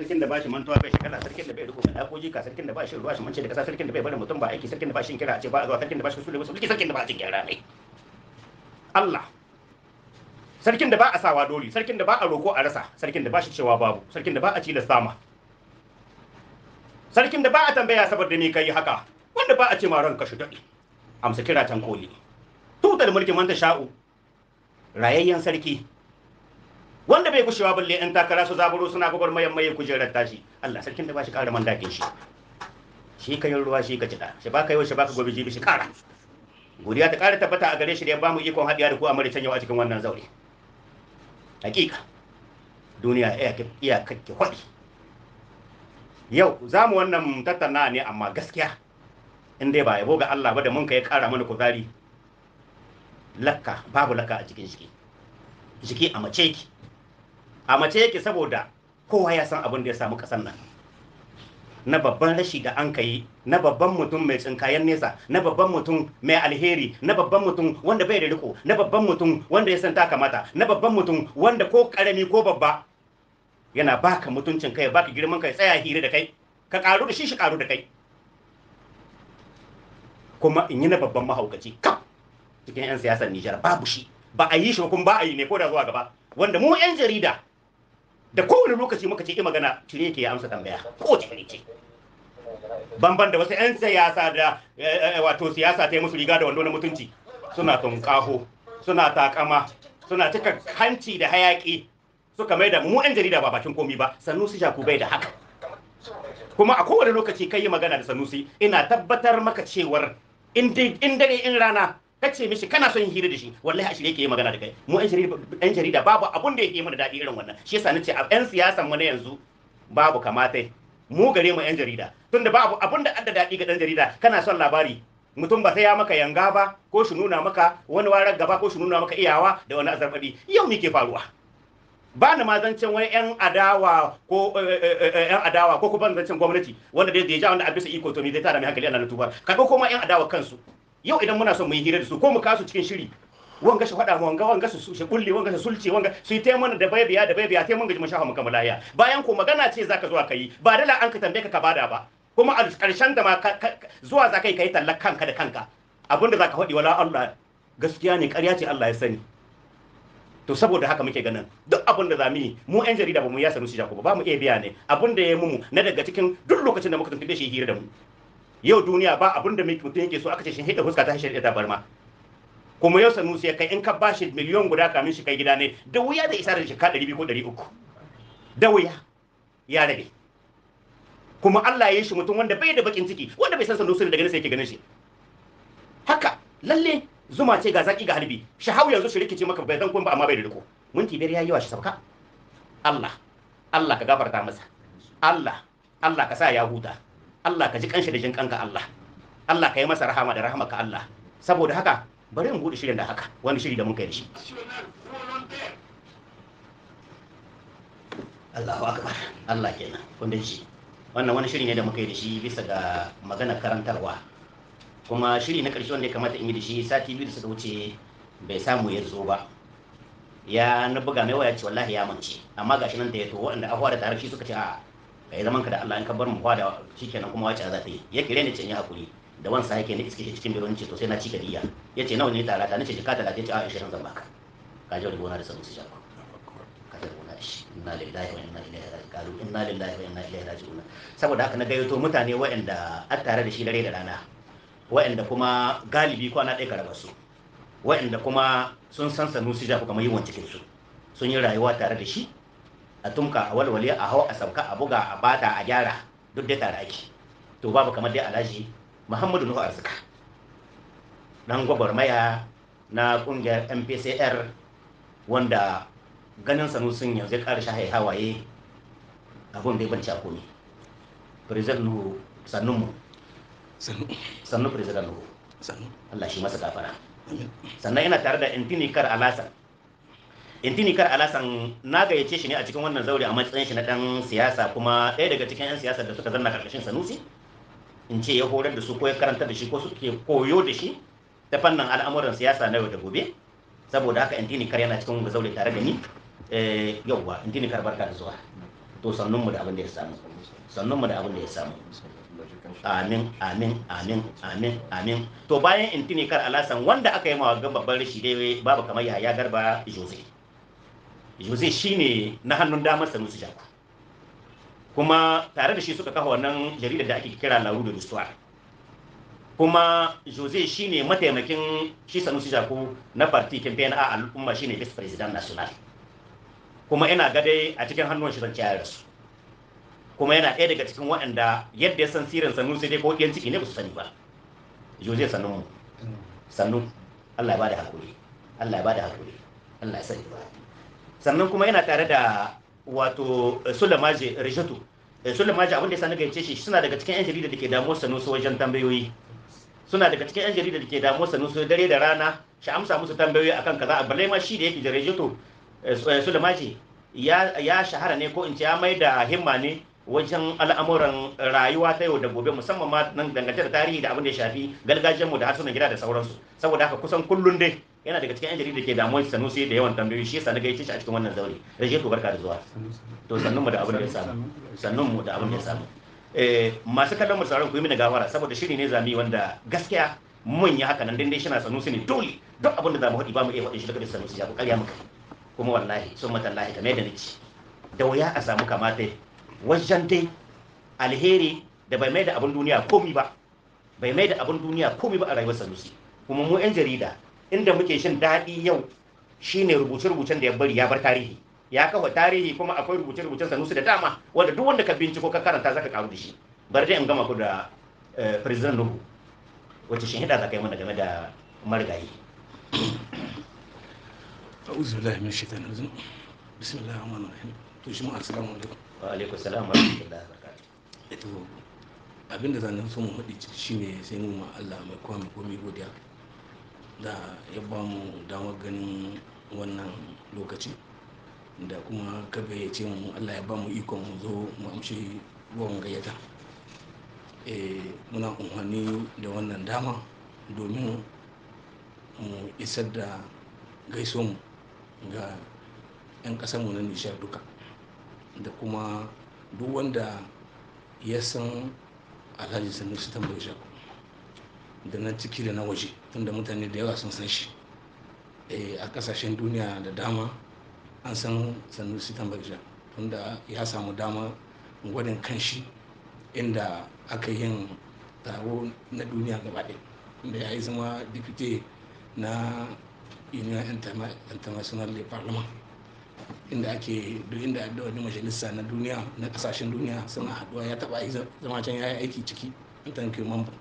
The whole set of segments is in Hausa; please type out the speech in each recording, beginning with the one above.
sarkin da bashi mantuwa bai shekara sarkin da bai riko mai dakoji ka sarkin da bashi ruwa shi mance da kasa sarkin da bai bari mutum ba aiki sarkin da bashi kira a ce ba a zuwa sarkin da bashi kusurwa wasu sarkin da ba a cikin yara ne Allah sarkin da ba a sawa doli sarkin da ba a roko a rasa sarkin da bashi cewa babu sarkin da ba a cilasta sama sarkin da ba a tambaya saboda me kai haka wanda ba a ce ma ran shi dadi amsa kira can koli tutar mulkin manta sha'u rayayyen sarki wanda bai gushewa balle yan takara su zaburo suna mayan mai kujerar tashi Allah sarkin da ba shi kara mandakin shi shi ka yi ruwa shi ka jida shi ba ka yau shi ba ka gobe jibi shi kara godiya ta kara tabbata a gare shi da ya ba mu ikon haɗiya da ku a maritan yau a cikin wannan zaure hakika duniya iya kakke kwaɗi yau za mu wannan tattauna ne amma gaskiya in dai ba yabo ga Allah ba da mun kai kara mana kuzari lakka babu lakka a cikin jiki jiki a mace ki a mace yake saboda kowa ya san abin da ya samu kasan nan na babban rashi da an kayi na babban mutum mai tsinkayen nesa na babban mutum mai alheri na babban mutum wanda bai da riko na babban mutum wanda ya san ta kamata na babban mutum wanda ko karami ko babba yana baka mutuncin kai baka girman kai tsaya hira da kai ka karu da shi shi karu da kai kuma in yi na babban mahaukaci kaf cikin 'yan siyasar Nijar babu shi ba a yi shi kuma ba a yi ne ko da zuwa gaba wanda mu 'yan jarida da kowane lokaci muka ce magana cire ke ya amsa tambaya ko ce ce banban da wasu 'yan siyasa da eh, eh, wato siyasa ta yi musu riga da wando na mutunci suna tunkaho suna takama suna cika hanci da hayaki suka mai da mu 'yan jarida ba bakin komi ba sannu su bai da haka kuma a kowane lokaci kai yi magana da sanusi ina tabbatar maka cewar in dare in rana ka ce mishi kana son yin hira da shi wallahi a shirye ke yi magana da kai mu ɗan jarida ɗan jarida babu abun da yake mana daɗi irin wannan shi yasa nace a ɗan siyasan mu na yanzu babu kamata mu gare mu ɗan jarida tunda babu abun da adda daɗi ga ɗan jarida kana son labari mutum ba sai ya maka yanga ba ko shi nuna maka wani warar gaba ko shi nuna maka iyawa da wani azarfaɗi yau me ke faruwa ba ni ma zancen wani yan adawa ko yan eh, eh, eh, adawa ko kuma zancen gwamnati wanda da ya ja wanda a bisa iko to me zai tada mai hankali ana tuba ka ko ma yan adawa kansu yau idan muna son mu yi hira da su ko mu kasu cikin shiri wanga shi faɗa wanga wanga su shi kulle wanga su sulce wanga su yi taimana mana da baibiya da baibiya ta gaji mu shafa mu bayan ko magana ce zaka zuwa kai ba dala an ka tambaye ka ka bada ba kuma a ƙarshen da ma zuwa za kai kai ka yi tallar kanka da kanka abinda za ka faɗi wala Allah gaskiya ne ƙarya ce Allah ya sani to saboda haka muke ganin duk abin da zamu yi mu yan jarida ba mu yasa musu jakuba ba mu iya biya ne abin da ya mumu na daga cikin duk lokacin da muka tuntuɓe shi hira da mu yau duniya ba abin da mutum yake so aka ce shi hidda fuska ta shirya ta barma kuma yau sanusi ya kai in ka bashi miliyon guda kamin shi kai gida ne da wuya da isa da shi ka ɗari biyu ko ɗari uku. da wuya ya rabe kuma Allah ya yi shi mutum wanda bai da bakin ciki wanda bai san sanusi daga sai yake ganin shi haka lalle zuma ce ga zaki ga halbi shahau yanzu shi rikici maka bai zan kun ba amma bai da riko mun biyar ya yi wa shi sabka Allah Allah ka gafarta masa Allah Allah ka sa ya huta Allah ka ji kanshi da jin kanka Allah Allah ka yi masa rahama da rahama ka Allah saboda haka bari in bude shirin da haka wani shiri da mun kai da shi Allahu akbar Allah kenan kun ji wannan wani shiri ne da muka yi da shi bisa ga magana karantarwa kuma shiri na ƙarshe wanda ya kamata in yi da shi sati biyu da suka wuce bai samu ya zo ba ya na buga mai waya ce wallahi ya mance amma gashi nan da ya to waɗanda ahuwa da tare shi suka ce a'a kai zaman ka da Allah in ka bar mu shi shikenan kuma wace za ta yi ya kire ni ce yi hakuri da wansa yake ni iske shi cikin biro ce to sai na cika diya ya ce nawa ne tara ta nace jika talatin ce a ishirin zan baka ka je da gona da sabon su shako ka je da gona da shi inna lillahi wa inna ilaihi raji'un inna lillahi wa inna ilaihi raji'un saboda haka na gayyato mutane waɗanda a tare da shi dare da rana waɗanda kuma galibi kwana ɗaya ka raba su waɗanda kuma sun san sanusi jafu kamar yi wancikin su sun yi rayuwa tare da shi a tumka a walwale a hau a sauka a buga a bata a gyara duk dai tare ake to babu kamar dai alhaji muhammadu nuhu arzika dan gwagwarmaya na kungiyar mpcr wanda ganin sanusun yanzu ya ƙara shahai hawaye abun da ya banci a komi president nuhu sannu mu sannu president nuhu sannu allah shi masa gafara sannan yana tare da intini kar alasan intini kar alasan na gayyace shi ne a cikin wannan zaure a matsayin shi na dan siyasa kuma ɗaya daga cikin 'yan siyasa da suka zanna karkashin sanusi in ce ya horar da su ko ya karanta da shi ko suke koyo da shi ta fannin al'amuran siyasa na yau da gobe saboda haka intini kar yana cikin wanga zaure tare da ni eh, yauwa intini kar barka da zuwa to sannun mu da abin da ya samu sannun mu da abin da ya samu amin amin amin amin amin to bayan intini kar alasan wanda aka yi ma babban rashi dai babu kamar yaya garba jose shi shine na hannun damar sanusi jaku kuma tare da shi suka kafa wannan jaridar da ake kira lauru da rustuwa kuma jose shine mataimakin shi sanusi jaku na parti campaign a al'umma shine vice president national kuma yana gadai a cikin hannun shi zance ya kuma yana ɗaya daga cikin waɗanda yadda ya san sirin sannu sai dai ko yan ciki ne ba su sani ba jose sannu mu mm. sannu allah ya bada hakuri allah ya bada hakuri allah ya sani ba sannan kuma yana tare da wato eh, sulamaji rishatu eh, sulamaji abin da ya sani gaice shi suna daga cikin yan jarida da ke sanu su wajen tambayoyi suna daga cikin yan jarida da ke sanu su dare da rana shi amsa musu tambayoyi akan kaza a balai ma shi da yake da rishatu eh, sulamaji ya shahara ne ko in ce ya mai da himma ne wajen al'amuran rayuwa ta yau da gobe musamman ma nan dangantar tarihi da abin da ya shafi mu da harsunan gida da sauransu saboda haka kusan kullun dai yana daga cikin yan da ke damuwar sanusi da yawan tambayoyi shi yasa na gaishe shi a cikin wannan zaure rage to barka da zuwa to sannun mu da abin da ya samu sannun mu da abin da ya samu eh masu kallon mu sauraron ku yi mini gawara saboda shiri ne zami wanda gaskiya mun yi haka nan dai shi na sanusi ne dole duk abin da zamu hadi ba mu iya faɗin shi daga sanusi ya ku kariya muka kuma wallahi sun matallahi kamar yadda nake da wuya a samu kamata wajen dai alheri da bai mai da abin duniya komi ba bai mai da abin duniya komi ba a rayuwar sanusi kuma mu yan jarida inda muke shin daɗi yau shine rubuce-rubucen da ya bari ya bar tarihi ya kafa tarihi kuma akwai rubuce-rubucen sanusi da dama wanda duk wanda ka binciko ka karanta zaka karu da shi bari dai in gama ku da eh, president Nuhu wacce shin hida zaka yi mana game da marigayi a'udhu billahi من shaitani rajim bismillahir rahmanir rahim to shi assalamu alaikum wa alaikum assalam wa rahmatullahi wa barakatuh abinda zan so mu hadi shine sai mu ma Allah mai kowa mai komai godiya da ya ba mu damar ganin wannan lokaci da kuma ka ce mu allah ya ba mu ikon mu zo mu amshi ruwan gayyata eh, muna umarni da wannan dama domin mu isar da mu ga 'yan mu na nishar duka da kuma duk wanda ya san alhaji sanusi tambayi shaku da na ciki da na waje tunda mutane da yawa sun san shi eh, a kasashen duniya da dama an san sanusi tambarja tunda ya samu dama gwadin kanshi inda aka yin taro na duniya gabaɗe da ya yi zama dikite na union international de parlement inda ake duk inda da wani majalisa na duniya na kasashen duniya suna haduwa ya taba zama can ya yi aiki ciki a tankin mamba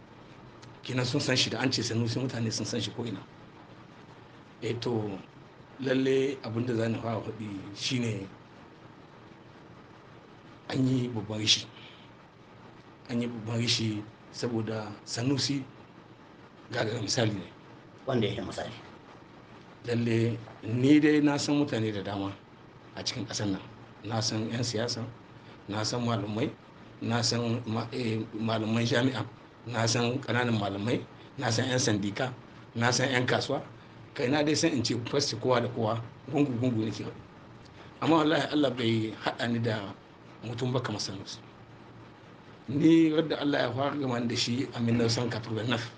kina sun san shi da an ce sanusi mutane sun san shi ko ina e to lalle abin da zani fara faɗi shine an yi babban rishi an yi babban rishi saboda sanusi gagara misali ne wanda ya misali lalle ni dai na san mutane da dama a cikin ƙasar nan na san 'yan siyasa na san malamai na san eh, malaman jami'a na san kananan malamai na san 'yan sandika na san 'yan kasuwa kai na dai san in ce fasti kowa da kowa gungu gungu nake ba amma wallahi Allah bai haɗa ni da mutum ba kamar sanin su ni wadda Allah ya fara gama da shi a minnar san kafin naf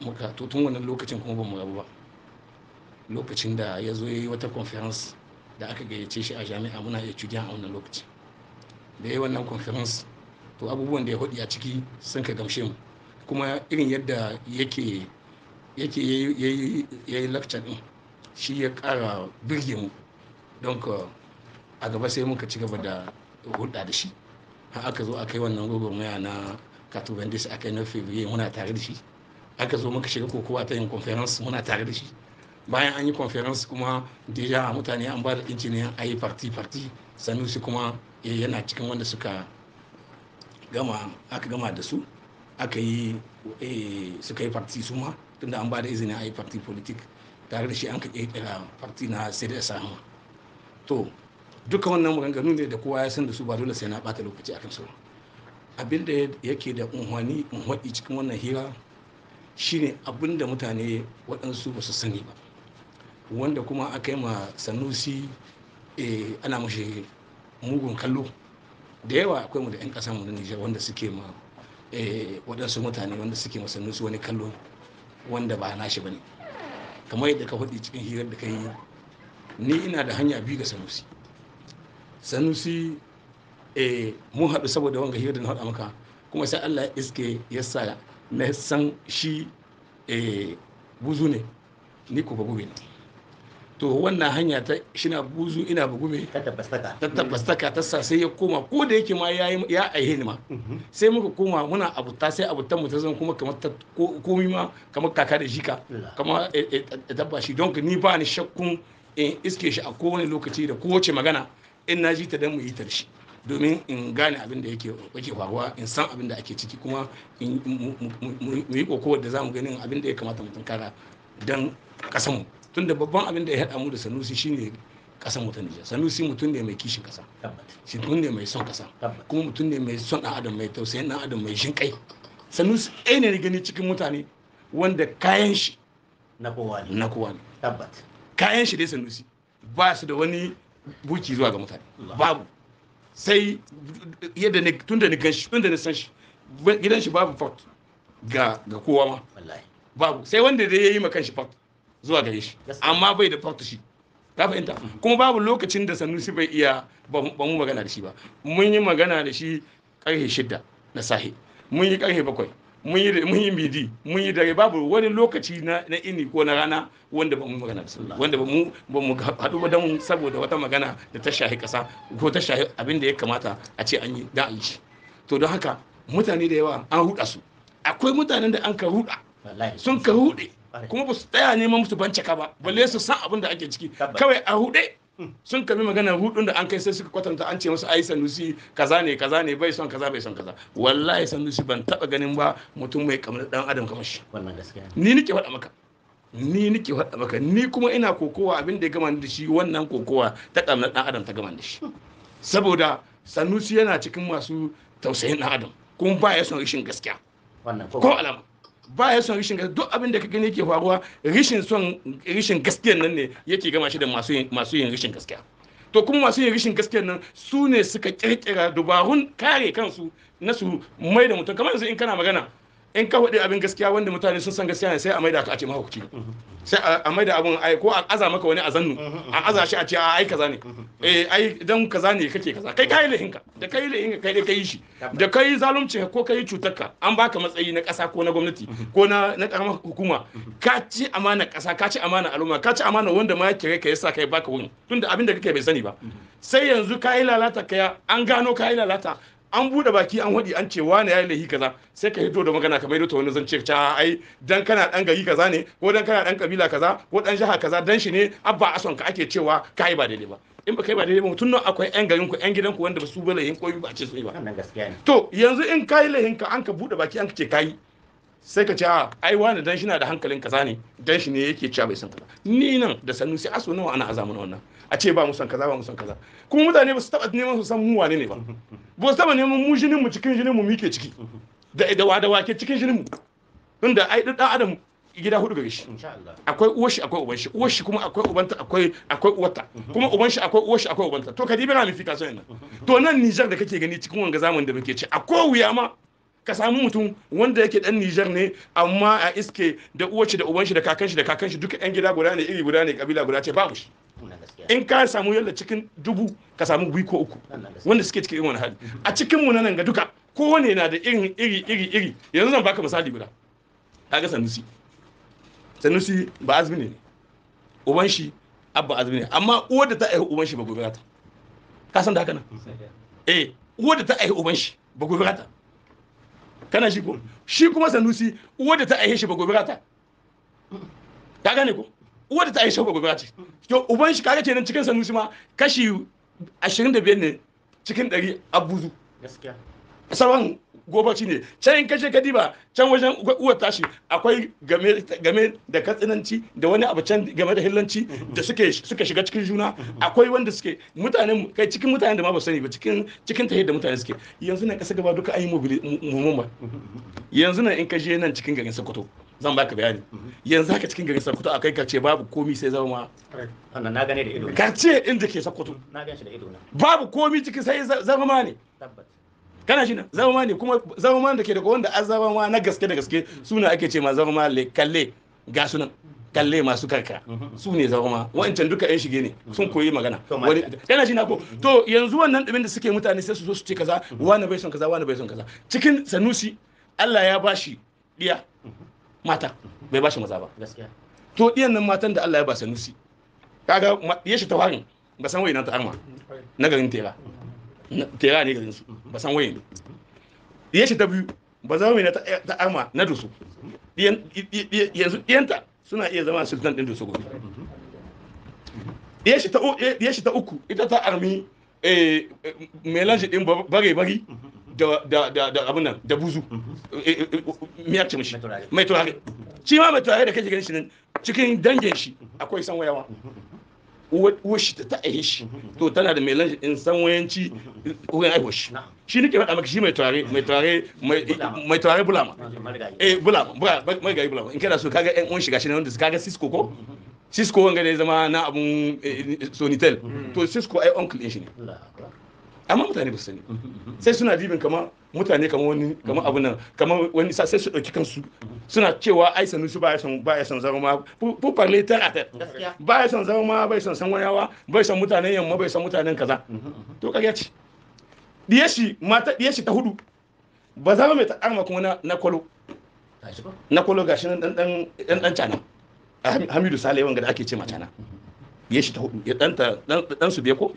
muka tutun wannan lokacin kuma ba mu rabu ba lokacin da ya zo yi wata conference da aka gayyace shi a jami'a muna iya cudiya a wannan lokacin da ya yi wannan conference to abubuwan da ya hudi a ciki sun ka gamshe mu kuma irin yadda yake yake ya yi lakcan din shi ya kara birge mu don ka a gaba sai muka ci gaba da hulɗa da shi har aka zo aka yi wannan gwagwarmaya na katubandis aka yi na fevrier muna tare da shi aka zo muka shiga kokowa ta yin conference muna tare da shi bayan an yi conference kuma deja mutane an ba da ɗinci a yi parti parti sanusi kuma eh, yana cikin wanda suka gama aka gama da su aka yi eh, suka yi farti su ma tunda an ba da izini a yi farti politik tare da shi an ka kirkira farti na cds sama to duka wannan maganganu ne da kowa ya san da su ba dole sai na bata lokaci a su abin da yake da unhwani unhwaɗi cikin wannan hira shine abin da mutane waɗansu ba su sani ba wanda kuma aka yi ma sanusi eh, ana mashi mugun kallo da yawa akwai mu da 'yan ƙasar mu na nijar wanda suke ma eh, waɗansu mutane wanda suke masannin su wani kallo wanda ba nashi ba ne kamar yadda ka faɗi cikin hirar da ka yi ni ina da hanya biyu ga sanusi sanusi eh, mun haɗu saboda wanga hirar da na haɗa maka kuma sai allah iske ya sa na san shi eh, buzu ne ni ko ba ne to wannan hanya ta shina buzu ina bugu bugume ta tabbastaka ta sa sai ya koma ko da yake ma ya aihe ni ma mhm. sai muka koma muna abuta sai abutan mu ta zan kuma kamar ta komi ma kamar kaka da jika kamar eh, eh, dabba shi don ni ba ni shakkun in iske shi a kowane lokaci da kowace magana in na ji ta dan mu yi ta shi domin in gane abin da yake faruwa in san abin da ake ciki kuma mu yi kokowar da za mu ganin abin da ya kamata mutum kara don kasanmu tunda babban abin da ya haɗa mu da sanusi shine kasa mutum Nijar sanusi mutum ne mai kishin kasa shi mutum ne mai son kasa kuma mutum ne mai son ɗan adam mai tausayin ɗan adam mai shinkai sanusi ɗaya ne gani cikin mutane wanda kayan shi na kowa ne na kowa ne kayan shi dai sanusi ba su da wani buki zuwa ga mutane babu sai yadda ne tunda ni gan shi tunda ni san shi gidan shi babu fort ga ga kowa ma babu sai wanda dai yayi ma kanshi fort zuwa gare shi amma bai da shi ka fahimta mm. kuma babu lokacin da sanusi bai iya ba mu magana da shi ba mun yi magana da shi karfe shida na sahi mun yi karfe bakwai mun yi midi mun yi dare babu wani lokaci na ini ko na rana wanda ba mu magana da wanda ba mu ba mu hadu ba saboda wata magana da ta shahi kasa ko ta shahi abin da ya kamata a ce an yi da an yi to don haka mutane da yawa an huda su akwai mutanen da an ka huda sun ka hude kuma ba su tsaya neman musu bancaka ba balle su san abin da ake ciki kawai a huɗe sun kabi magana hudun da an kai sai suka kwatanta an ce musu ai sanusi kaza ne kaza ne bai son kaza bai son kaza wallahi sanusi ban taba ganin ba mutum mai kamar dan adam kamar shi wannan gaskiya ni nake wada maka ni nake wada maka ni kuma ina kokowa abin da ya gama da shi wannan kokowa ta kamar dan adam ta gama da shi saboda sanusi yana cikin masu tausayin dan adam kuma ba ya son rishin gaskiya ko alama ba ya son rishin gaskiya duk abin da ka gani yake faruwa rishin son rishin gaskiyan nan ne yake gama shi da masu yin rishin gaskiya to kuma masu yin rishin gaskiyan nan su ne suka kirkira dubarun kare kansu na su mai da mutum kamar yanzu in kana magana in ka faɗi abin gaskiya wanda mutane sun san gaskiya ne sai a maida ka a ce mahaukaci sai a maida abin ai ko a aza maka wani azannu a aza shi a ce ai kaza ne eh ai dan kaza ne kake kaza kai kai lahin ka da kai lahin ka kai dai kai shi da kai zalunci ko kai cutar ka an baka matsayi na ƙasa ko na gwamnati ko na na karamar hukuma ka ci amana ƙasa ka ci amana al'umma ka ci amana wanda ma yake kai yasa kai baka wuni tunda abin da kake bai sani ba sai yanzu ka yi lalata kaya an gano ka yi lalata an bude baki an hudi an ce wani yayi laifi kaza sai ka hito da magana ka maido ta wani zance ta ai dan kana dan gari kaza ne ko dan kana dan kabila kaza ko dan jaha kaza dan shi ne abba ason ka ake cewa kai ba daidai ba in ba kai ba daidai ba mutum akwai yan garin ku yan gidan ku wanda ba su ba laihin koyi ba a ce su ba to yanzu in kai laihin ka an ka bude baki an ka ce kai sai ka ce a ah, ai wani dan shi na da hankalin kaza ne dan shi ne yake cewa bai san kaza ni nan da sannu sai aso nawa ana azamu wannan a ce ba mu san kaza ba mu san kaza kuma mutane ba su taba neman su san mu wane ne ba ba su taba neman mu jinin mu cikin jinin mu muke ciki da da wa da wake cikin jinin mu tunda ai dan adam gida hudu gare shi akwai uwar shi akwai uban shi uwar shi kuma akwai ubanta akwai akwai uwarta kuma uban shi akwai uwar shi akwai ubanta to kadi na mi fika so yana to nan nijar da kake gani cikin wanga zamanin da muke ci akwai wuya ma ka samu mutum wanda yake dan Nijar ne amma a iske da uwace da uban shi da kakan shi da kakan shi duka yan gida guda ne iri guda ne kabila guda ce babu shi in ka samu yalla cikin dubu ka samu gwi ko uku wanda suke cikin wani hali a cikin mu nan ga duka kowane na da irin iri iri iri yanzu zan baka misali guda kaga sanusi sanusi ba azumi ne uban shi abba azumi ne amma uwar da ta aihu uban shi ba gobe ta ka san da haka nan eh uwar da ta aihu uban shi ba gobe ta kana shi ko shi kuma sanusi uwar da ta aihe shi ba gobe rata ka gane ko uwar da ta aihe shi ba gobe rata to uban shi kaga kenan cikin sanusi ma kashi 25 ne cikin 100 abuzu gaskiya sauran gobaci ne can in kace kadiba can wajen uwar tashi akwai game da katsinanci da wani abu can game da hillanci da suke suka shiga cikin juna akwai wanda suke mutanen kai cikin mutanen da ma ba sani ba cikin cikin tahiyar da mutane suke yanzu na kasa gaba duka an yi mumuma yanzu na in ka je nan cikin garin Sokoto zan baka bayani yanzu haka cikin garin Sokoto akai kace babu komi sai zama wannan na gane da ido ka inda ke Sokoto na gane shi da ido na babu komi cikin sai zama ne tabbata kana shi zama ne kuma zama da ke daga wanda zama ma na gaske da gaske suna ake ce ma zama le kalle ga sunan kalle masu karka su ne zama wancan duka yan shige ne sun koyi magana kana shi na ko to yanzu wannan ɗumin da suke mutane sai su zo su ce kaza wani bai son kaza wani bai son kaza cikin sanusi Allah ya bashi diya mata bai bashi maza ba to diyan nan matan da Allah ya ba sanusi kaga ya shi tawarin ba san wa'inan ta arma na garin tera tera ne garin su ba san waye diye shi ta biyu ba zama mai eh, ta arma na dusu yanzu diyanta suna iya zama sultan din dusu gobe diye shi ta uku ita ta armi eh, melange din bare bari da abin nan da buzu eh, miyar ce mishi mai turare shi mai turare da kake ganin shi nan cikin dangin shi akwai san wayawa uwar shi ta yi shi to tana da mai lanshi in san wayanci wurin aiho shi shi nake faɗa maka shi mai tare mai tare mai turare bulama eh bulama mai gari bulama in kana so kaga yan uwan shi gashi ne wanda kaga cisco ko cisco wanga ne zama na abun eh, sonitel mm-hmm. to cisco ai uncle din shi ne amma mutane ba sani mhm, mhm, mhm. sai suna dibin kama mutane kama wani kama abu nan kama wani sai su dauki kansu suna cewa ai sanu su baya san baya san zama pu parle ter a ter baya san zama bai san san wayawa bai san mutanen yamma bai san mutanen kaza to kage ci. diye shi mata diye shi ta hudu ba zama mai ta arma kuma na kwalo na kwalo gashi nan dan dan dan cana Hamidu Sale wanga da ake ce ma cana diye shi ta hudu ya ta dan su biye ko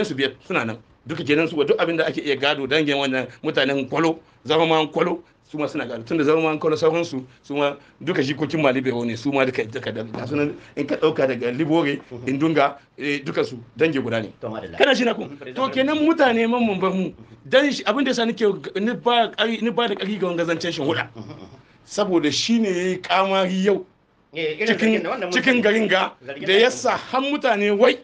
su biyar suna nan duka kenan su duk abin da ake iya gado dangin wannan mutanen kwalo zama ma kwalo su ma suna gado tunda zama ma kwalo sauran su su ma duka jikokin mali bai ne su ma duka duka da su nan in ka dauka daga libore indunga eh, duka su dangi guda ne kana shi na kun to kenan mutane man mun bar mu dan abin da yasa nake ni ba kari ni ba da kari ga wangazancen shin huda saboda shine yayi kamari yau eh, cikin garin ga da yasa har mutane wai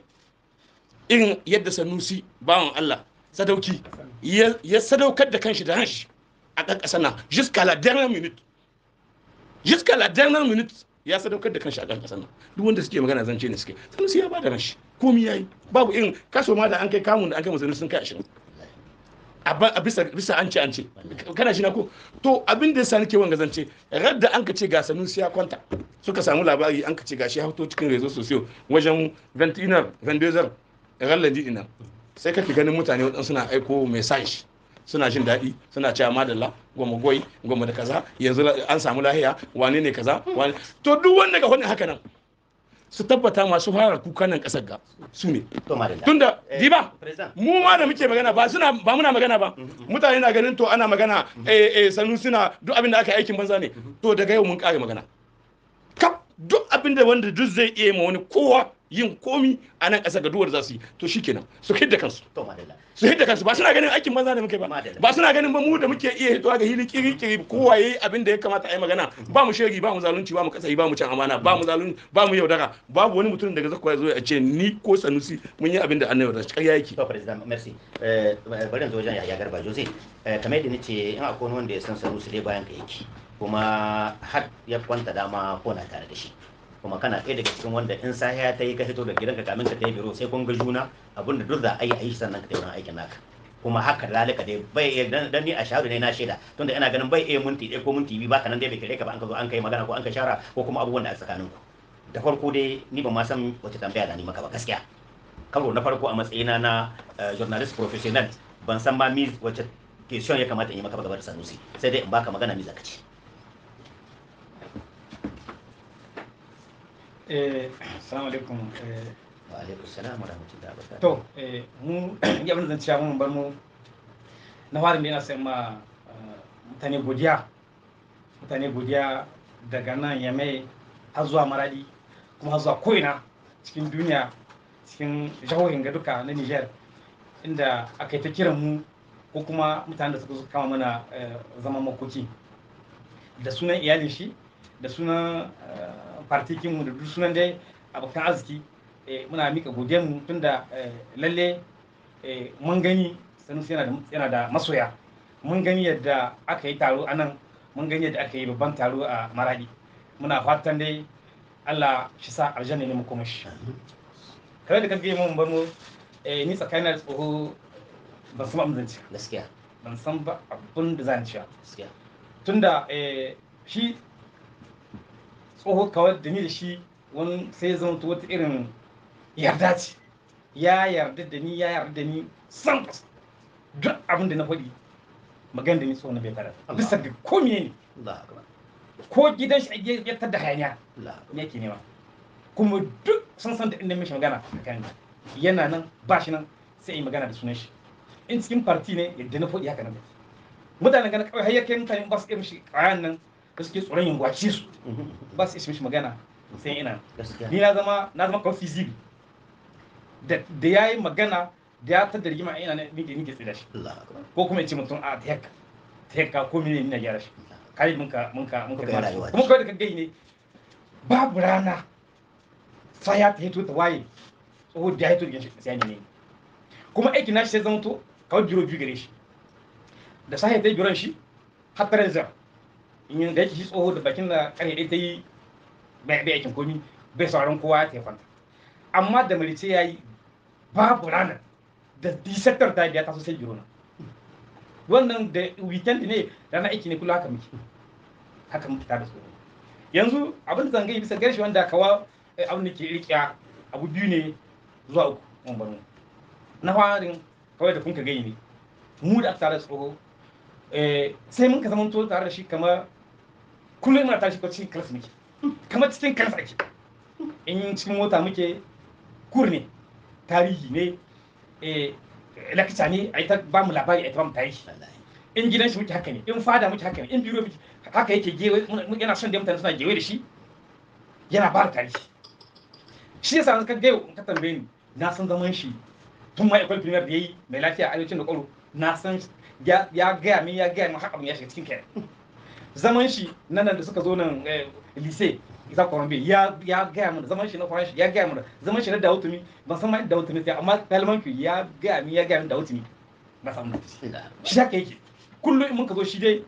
irin yadda sanusi bawan Allah sadauki ya sadaukar da kanshi da hanshi a kan ƙasa na jusqu'à la dernière minute jusqu'à la dernière minute ya sadaukar da kanshi a kan ƙasa duk wanda suke magana zance ne suke sanusi ya bada ranshi komi yayi babu irin kaso ma da an kai kamun da an kai masanin sun kai ashirin a bisa bisa an ce an ce kana shi na ko to abin da yasa nake wanga zance radda an ka ce ga sanusi ya kwanta suka samu labari an ka ce gashi hauto cikin rezo sosai wajen 21 22 ralladi ina sai kake ganin mutane waɗansu suna aiko message suna jin daɗi suna cewa madalla goma goyi goma da kaza yanzu an samu lahiya wane ne kaza wane to duk wanda ga wani haka nan su tabbata masu fara kuka nan kasar ga su ne tunda eh, diba mu ma da muke magana ba suna ba muna magana ba mm-hmm, mm-hmm. mutane na ganin to ana magana mm-hmm. eh, eh sanu suna duk abin da aka aikin banza ne to daga yau mun kare magana kap duk abin da wanda duk zai iya ma wani kowa yin komi a nan ƙasa ga duwar za su yi to kenan su hidda kansu su hidda kansu ba suna ganin aikin banza da muke ba ba suna ganin ba mu da muke iya hitowa ga hili kiri kiri kowa yayi abin da ya kamata a yi magana ba mu shegi ba mu zalunci ba mu kasayi ba mu can amana ba mu zalunci ba mu yaudara babu wani mutum daga zakwa zo ya ce ni ko sanusi mun yi abin da annabi da shi yake to president merci eh, bari yanzu wajen yaya garba jose eh, kamar yadda nace in akwai wanda ya san sanusi dai bayan ka yake kuma har ya kwanta dama ko na tare da shi kuma kana ɗaya daga cikin wanda in sahiya ta yi ka hito da gidanka kamin ka tafi biro sai kun ga juna da duk za a yi a yi sannan ka tafi wurin aikin naka kuma haka da zalika dai bai dan ni a sharu ne na shaida tunda ina ganin bai iya minti ɗaya ko minti biyu baka nan dai bai kire ka ba an ka zo an kai magana ko an ka shara ko kuma abubuwan da a ku da farko dai ni ba ma san wace tambaya da ni maka ba gaskiya karo na farko a matsayina na eh, journalist professional ban san ma mi wace question ya kamata in yi maka ba gaba da sanusi sai dai in baka magana mi zaka ce Assalamu eh, alaikum. Eh. Wa alaikum salam wa rahmatullahi wa barakatuh. To, eh, mu ya zan mun bar mu na yana ma mutane godiya. Mutane godiya daga nan ya mai har zuwa maradi kuma har zuwa ko'ina cikin duniya cikin jihohin ga duka na Niger inda aka yi ta kiran mu ko kuma mutanen da suka kama mana zaman makoki da sunan iyalin shi da sunan fartikin mu da duk sunan dai abokan arziki eh, muna mika godiyar mu tun da eh, lalle eh, mun gani sanusi yana da masoya mun gani yadda aka yi taro a nan mun gani yadda aka yi babban taro a maradi muna fatan dai allah shi sa aljanna ne mu kuma shi kare da kage mun bar mu ni tsakanin da tsoho ban san abin zance gaskiya ban san ba abin da zan ci gaskiya tunda shi tsohon kawai da ni da shi wani sai zan wata irin yarda ce ya yarda da ni ya yarda da ni san duk abin da na faɗi magana da ni tsohon bai fara bisa ga komi ne ko gidan shi ya da hanya ne ke nema kuma duk sun san da inda mishi magana a kan yana nan ba shi nan sai yi magana da sunan shi in cikin farti ne yadda na faɗi haka nan mutanen gana kawai har yake mutane ba su iya shi ƙwayan nan da suke tsoron yin gwaci su ba su ishe magana sai ina ni na zama na zama kawai fizik da ya yi magana da ya ta dargi ma'ina na nike nike tsira shi ko kuma ce mutum a ta yakka ta ko mene ne na gyara shi kai mun ka mun ka mun ka kuma kawai da gai ne babu rana fa ya ta hito ta waye tsoho da ya hito da shi ne kuma aiki na shi sai zama to kawai biro biyu gare shi da sahi ta yi biron shi har tare zara in yi da shi tsoho da bakin da kare ɗaya ta yi bai aikin komi bai sauran kowa ta fanta amma da ce ya yi babu ranar da disettar ta biya ta sosai girona wannan da weekend ne ranar aiki ne kula haka muke haka muke ta da tsoro yanzu abin da zangayi bisa garshi wanda kawa eh, abin da ke rikiya abu biyu ne zuwa uku mambarin na farin kawai da kun ka gayi ne mu da aka tare da tsoro eh, sai mun ka zama tare da shi kamar kullum ina tashi ko cikin kalas muke kamar cikin kalas ake in cikin mota muke kur ne tarihi ne eh lakta ne ai ta ba mu labari ai ta ba mu tarihi in gidan shi muke haka ne in fada muke haka ne in biro muke haka yake gewe yana son da mutane suna gewe da shi yana ba da tarihi shi yasa an ka ga ka tambaye ni na san zaman shi tun ma ikwal premier da yayi mai lafiya a arewacin da kwaro na san ya gaya min ya gaya min har abin ya shiga cikin kenan zaman shi nan da suka zo nan eh, lise ku kwarambe ya gaya mana zaman shi na faranshi ya gaya mana zaman shi na dawutumi ban san ma dawutumi sai amma talmanku ya gaya min ya gaya min dawutumi ba san shi da yake kullum in mun ka zo shi dai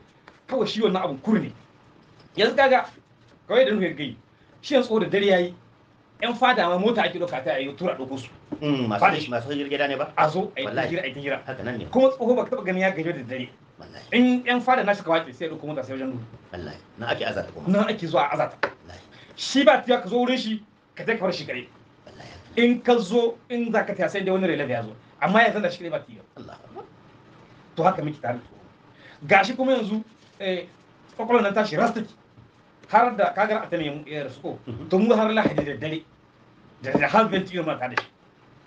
kawai shi wannan abun kurne yanzu kaga kawai da nuka gai shi yanzu da dare yayi yan fada ma mota ake doka ta yi tura doko su. Hmm, masu jirgida ne ba? a zo a yi ta a yi ta haka nan ne. kuma tsoho ba ka taba ganin ya gajo da dare. in yan fada na shaka wace sai ya ɗauko mota sai wajen nuru wallahi nan ake azata kuma nan ake zuwa azata shi ba ta ka zo wurin shi ka je ka bar shi kare in ka zo in za ka taya sai dai wani releve ya zo amma ya da shi kare ba ta yi to haka miki tare gashi kuma yanzu kwakwalwar eh, nan tashi rastik har da kagar a tanayin ya eh, rasu ko mhm. to mu har lahadi da dare da da har bai ma ta da shi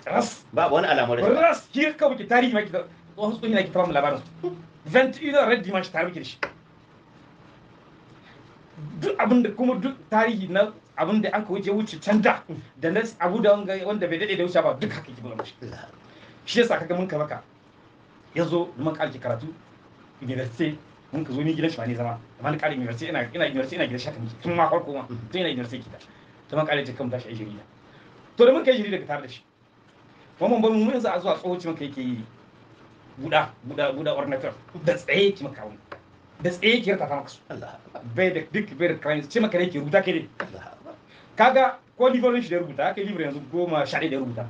ras ba wani alamar ras ki ka wuce tarihi maki da wasu tsohi na ki fara mu labarin su 21 ran dimanche tare muke duk abin da kuma duk tarihi na abin da aka wuce wuce canja da na abu da wanda bai daɗe da wuce ba duk haka yake gudun shi shi yasa kaga mun kamaka ya zo mun ƙarki karatu university mun ka zo ni gidan shi ne zama amma ni ƙarin university ina ina university ina gidan shi kan tun ma farko ma tun ina university kita to mun ƙarin jikan tashi a jarida to da mun kai jarida ka tare da shi kuma mun bar mun yanzu a zuwa ci mun kai ke yi guda guda guda ordinateur da tsaye ki maka wani da tsaye ki rata maka su bai da duk bai da crimes ce maka ne ki rubuta ke ne kaga ko liverin shi da rubuta aka liver yanzu goma sha da rubuta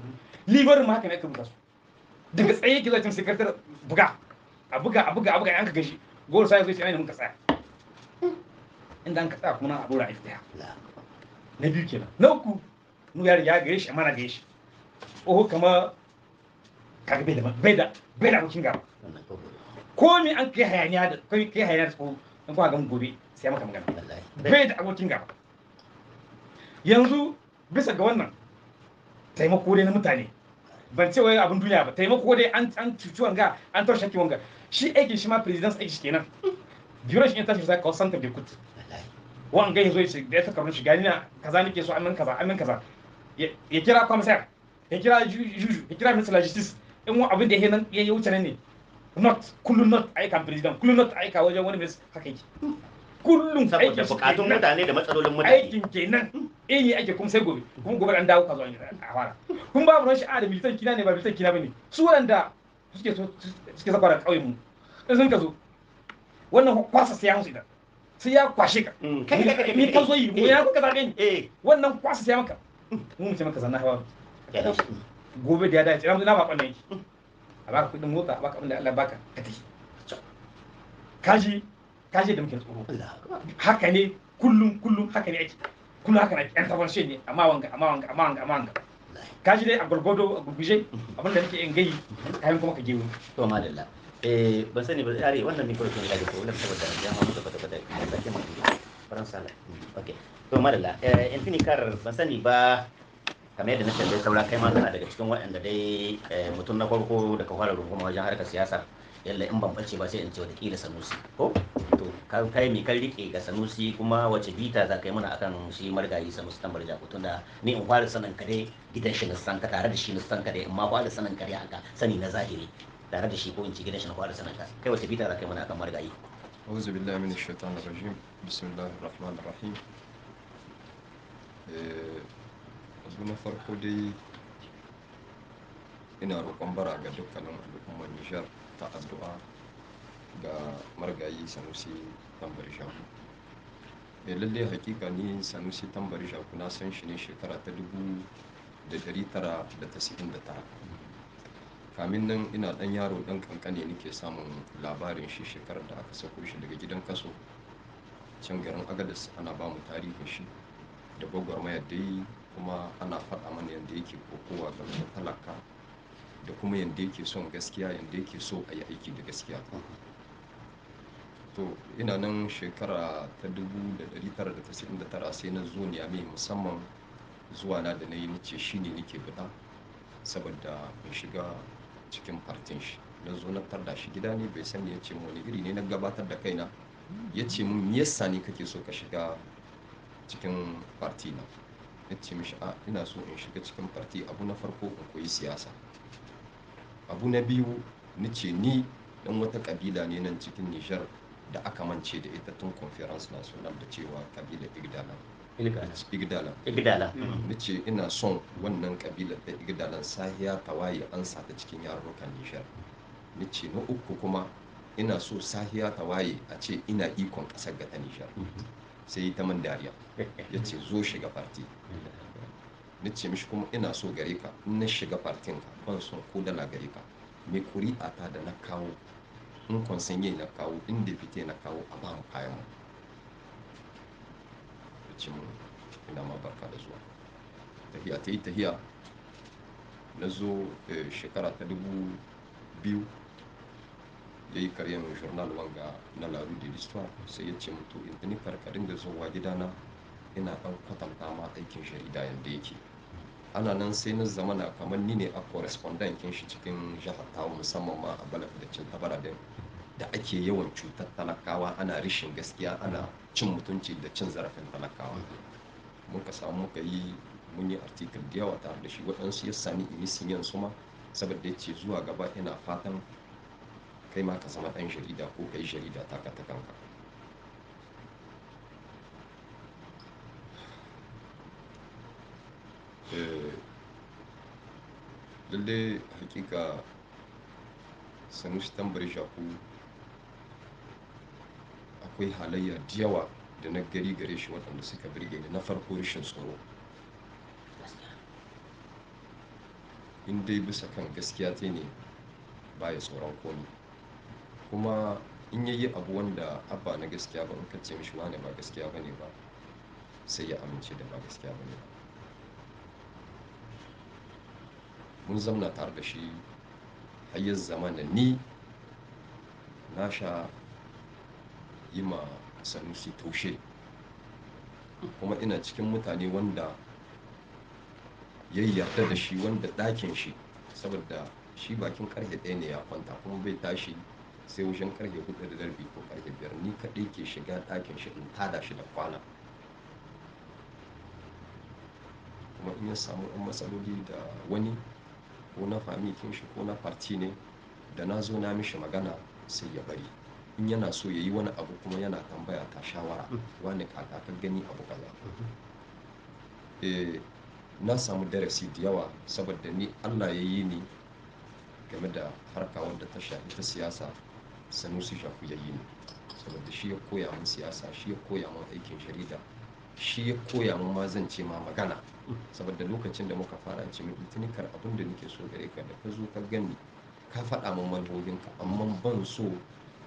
liverin ma haka ne ka rubuta su daga tsaye ki zai sekretar buga a buga a buga a buga an ka gashi gol sai zai ce ainihin ka tsaya inda an ka tsaya kuma a dora fita na biyu kenan na uku nu ya gare shi na gare shi oho kama kaga bai da bai da bai da abokin gaba ko me an kai hayaniya da kai kai hayaniya da tsoro in kuka gamu gobe sai maka magana bai da abokin gaba yanzu bisa ga wannan taimako dai na mutane ban ce wai abin duniya ba taimako dai an an cuci wanga an taushe ki wanga shi aikin shi ma president aiki kenan biro shi ne tashi sai call center bai kutu wanga yanzu ya ce da ya kamar shi gani na kaza nake so amin kaza amin kaza ya kira commissaire ya kira juju ya kira minister justice in wani abin da ya yi wuce nan ne not kullum not aika president kullum not aika wajen wani miss haka yake kullum saboda bukatun mutane da matsalolin mutane aikin kenan in eh, yi ake kuma sai gobe kuma gobe an dawo kazo an a fara kun babu ran sha'a da militan kina ne ba militan kina bane su wanda suke so suke saba da kauyen mu in sun ka zo wannan kwasa sai ya musu idan sai ya kwashe ka mm. ni ka zo yi mu ya kuka zaɓe ni eh. wannan kwasa sai maka mu mu ce maka zanna hawa gobe da ya dace ramu na ba kwallon yake a baka kudin mota a baka abin da Allah baka ka tafi kaji kaji da muke tsoro haka ne kullum kullum haka ne ake kullum haka ne yan sabon ne amma wanga amma wanga amma wanga amma wanga kaji dai a gurgudo a gurguje mhm. abin da nake in gayi kayan kuma ka gewu to madalla eh ban sani ba yare wannan mikro ke da ko lafiya saboda ya ma mu da ba da da sake mu faransa la okay to madalla eh infini kar ban sani ba kamar yadda na tambayi saura kai ma kana daga cikin waɗanda dai eh, mutum na farko da ka fara rungumar wajen harkar siyasa yalla in ban bace ba sai in ce wata kila sanusi ko to kai mi kan rike ga sanusi kuma wace bita za ka yi mana akan shi margayi sanusi tambar jago tunda ni in fara sanin kare gidan shi na san ka tare da shi na san kare amma fara sanin kare haka sani na zahiri tare da shi ko in ci gidan shi na fara sanin ka kai wace bita za ka yi mana akan margayi أعوذ بالله من الشيطان الرجيم بسم الله الرحمن الرحيم bukatu na farko dai ina roƙon bara ga dukkanin al'ummar Nijar ta addu'a ga margayi Sanusi Tambari Shaku. Eh lalle hakika ni Sanusi Tambari Shaku na san shi ne shekara ta dubu da dari tara da tasirin da tara. Kamin nan ina ɗan yaro dan kankane nake samun labarin shi shekarar da aka sako shi daga gidan kaso can garin agadas ana ba mu tarihin shi da gwagwarmayar dai. kuma ana faɗa mana yadda yake kokowa game da talaka da kuma yadda yake son gaskiya yadda yake so a yi aiki da gaskiya to ina nan shekara ta 1999 sai na zo niyame musamman zuwa na da na yi nace shi ne nake bida saboda in shiga cikin fartin shi na zo na tarda shi gida ne bai sani ya ce wani iri ne na gabatar da kaina ya ce mun yasa ne kake so ka shiga cikin farti na na ce mishi a ina so in shiga cikin farti abu na farko in koyi siyasa abu na biyu ni ce ni dan wata kabila ne nan cikin niger da aka mance da ita tun conference na national da cewa kabila igdala igdala igdala mm-hmm. ni ce ina son wannan kabila da igdalan sahiya tawaye an sa ta cikin yarurrukan nijar ni ce na uku kuma ina so sahiya tawaye a ce ina ikon ƙasar ga ta sai ta man dariya ya ce zo shiga farti na ce mishi kuma ina so gare ka na shiga fartin ka ban son ko dala gare ka me kuri a ta da na kawo in yi na kawo in fite na kawo a ba mu kayan mu ya ce mun ina ma barka da zuwa tahiya ta yi tahiya na zo eh, shekara ta dubu biyu ya yi karya mai journal wanga na laru da l'histoire sai ya ce mutu in ni farkarin da zuwa gidana ina ɗan kwatanta ma aikin jarida yadda yake ana nan sai na zamana kamar ni ne a correspondent kin shi cikin jihar tawo musamman ma a balaf da cin tabara da ake yawan cutar talakawa ana rishin gaskiya ana cin mutunci da cin zarafin talakawa muka samu muka yi mun yi artikul da yawa tare da shi waɗansu ya sani in yi su ma saboda ya ce zuwa gaba ina fatan kai ma ka zama ɗan jarida ko ka yi jarida ka ta kanka eh, lalle hakika sanusi tambar shaku akwai halayya da yawa da na gari gare shi waɗanda suka birge da na farko rashin tsoro in dai bisa kan gaskiya ta ne baya tsoron komi kuma in ya yi abu wanda abba na gaskiya ba in ka ce mishi wane ba gaskiya ba ne ba sai ya amince da ba gaskiya ba ne mun zamna tare da shi hayyar zamanin ni na sha yi ma sanusi taushe kuma ina cikin mutane wanda ya yarda da shi wanda ɗakin shi saboda shi bakin karfe ɗaya ne ya kwanta kuma bai tashi sai wajen karfe hudu da darbi ko karfe biyar ni kaɗai ke shiga ɗakin shi in tada shi da kwana kuma in ya samu ɗan matsaloli da wani ko na famikin shi ko na farti ne da na zo na mishi magana sai ya bari in yana so ya yi wani abu kuma yana tambaya ta shawara wani kaka ka gani abu kaza eh, na samu darasi da yawa saboda ni allah ya yi ni game da harka wadda ta shafi ta siyasa sanusi yayi ne saboda shi ya koya min siyasa shi ya koya min aikin shari'a shi ya koya min ma zan ce ma magana saboda lokacin da muka fara ce mai tunikar abin da nake so gare ka da ka zo ka gani ka faɗa min ka amma ban so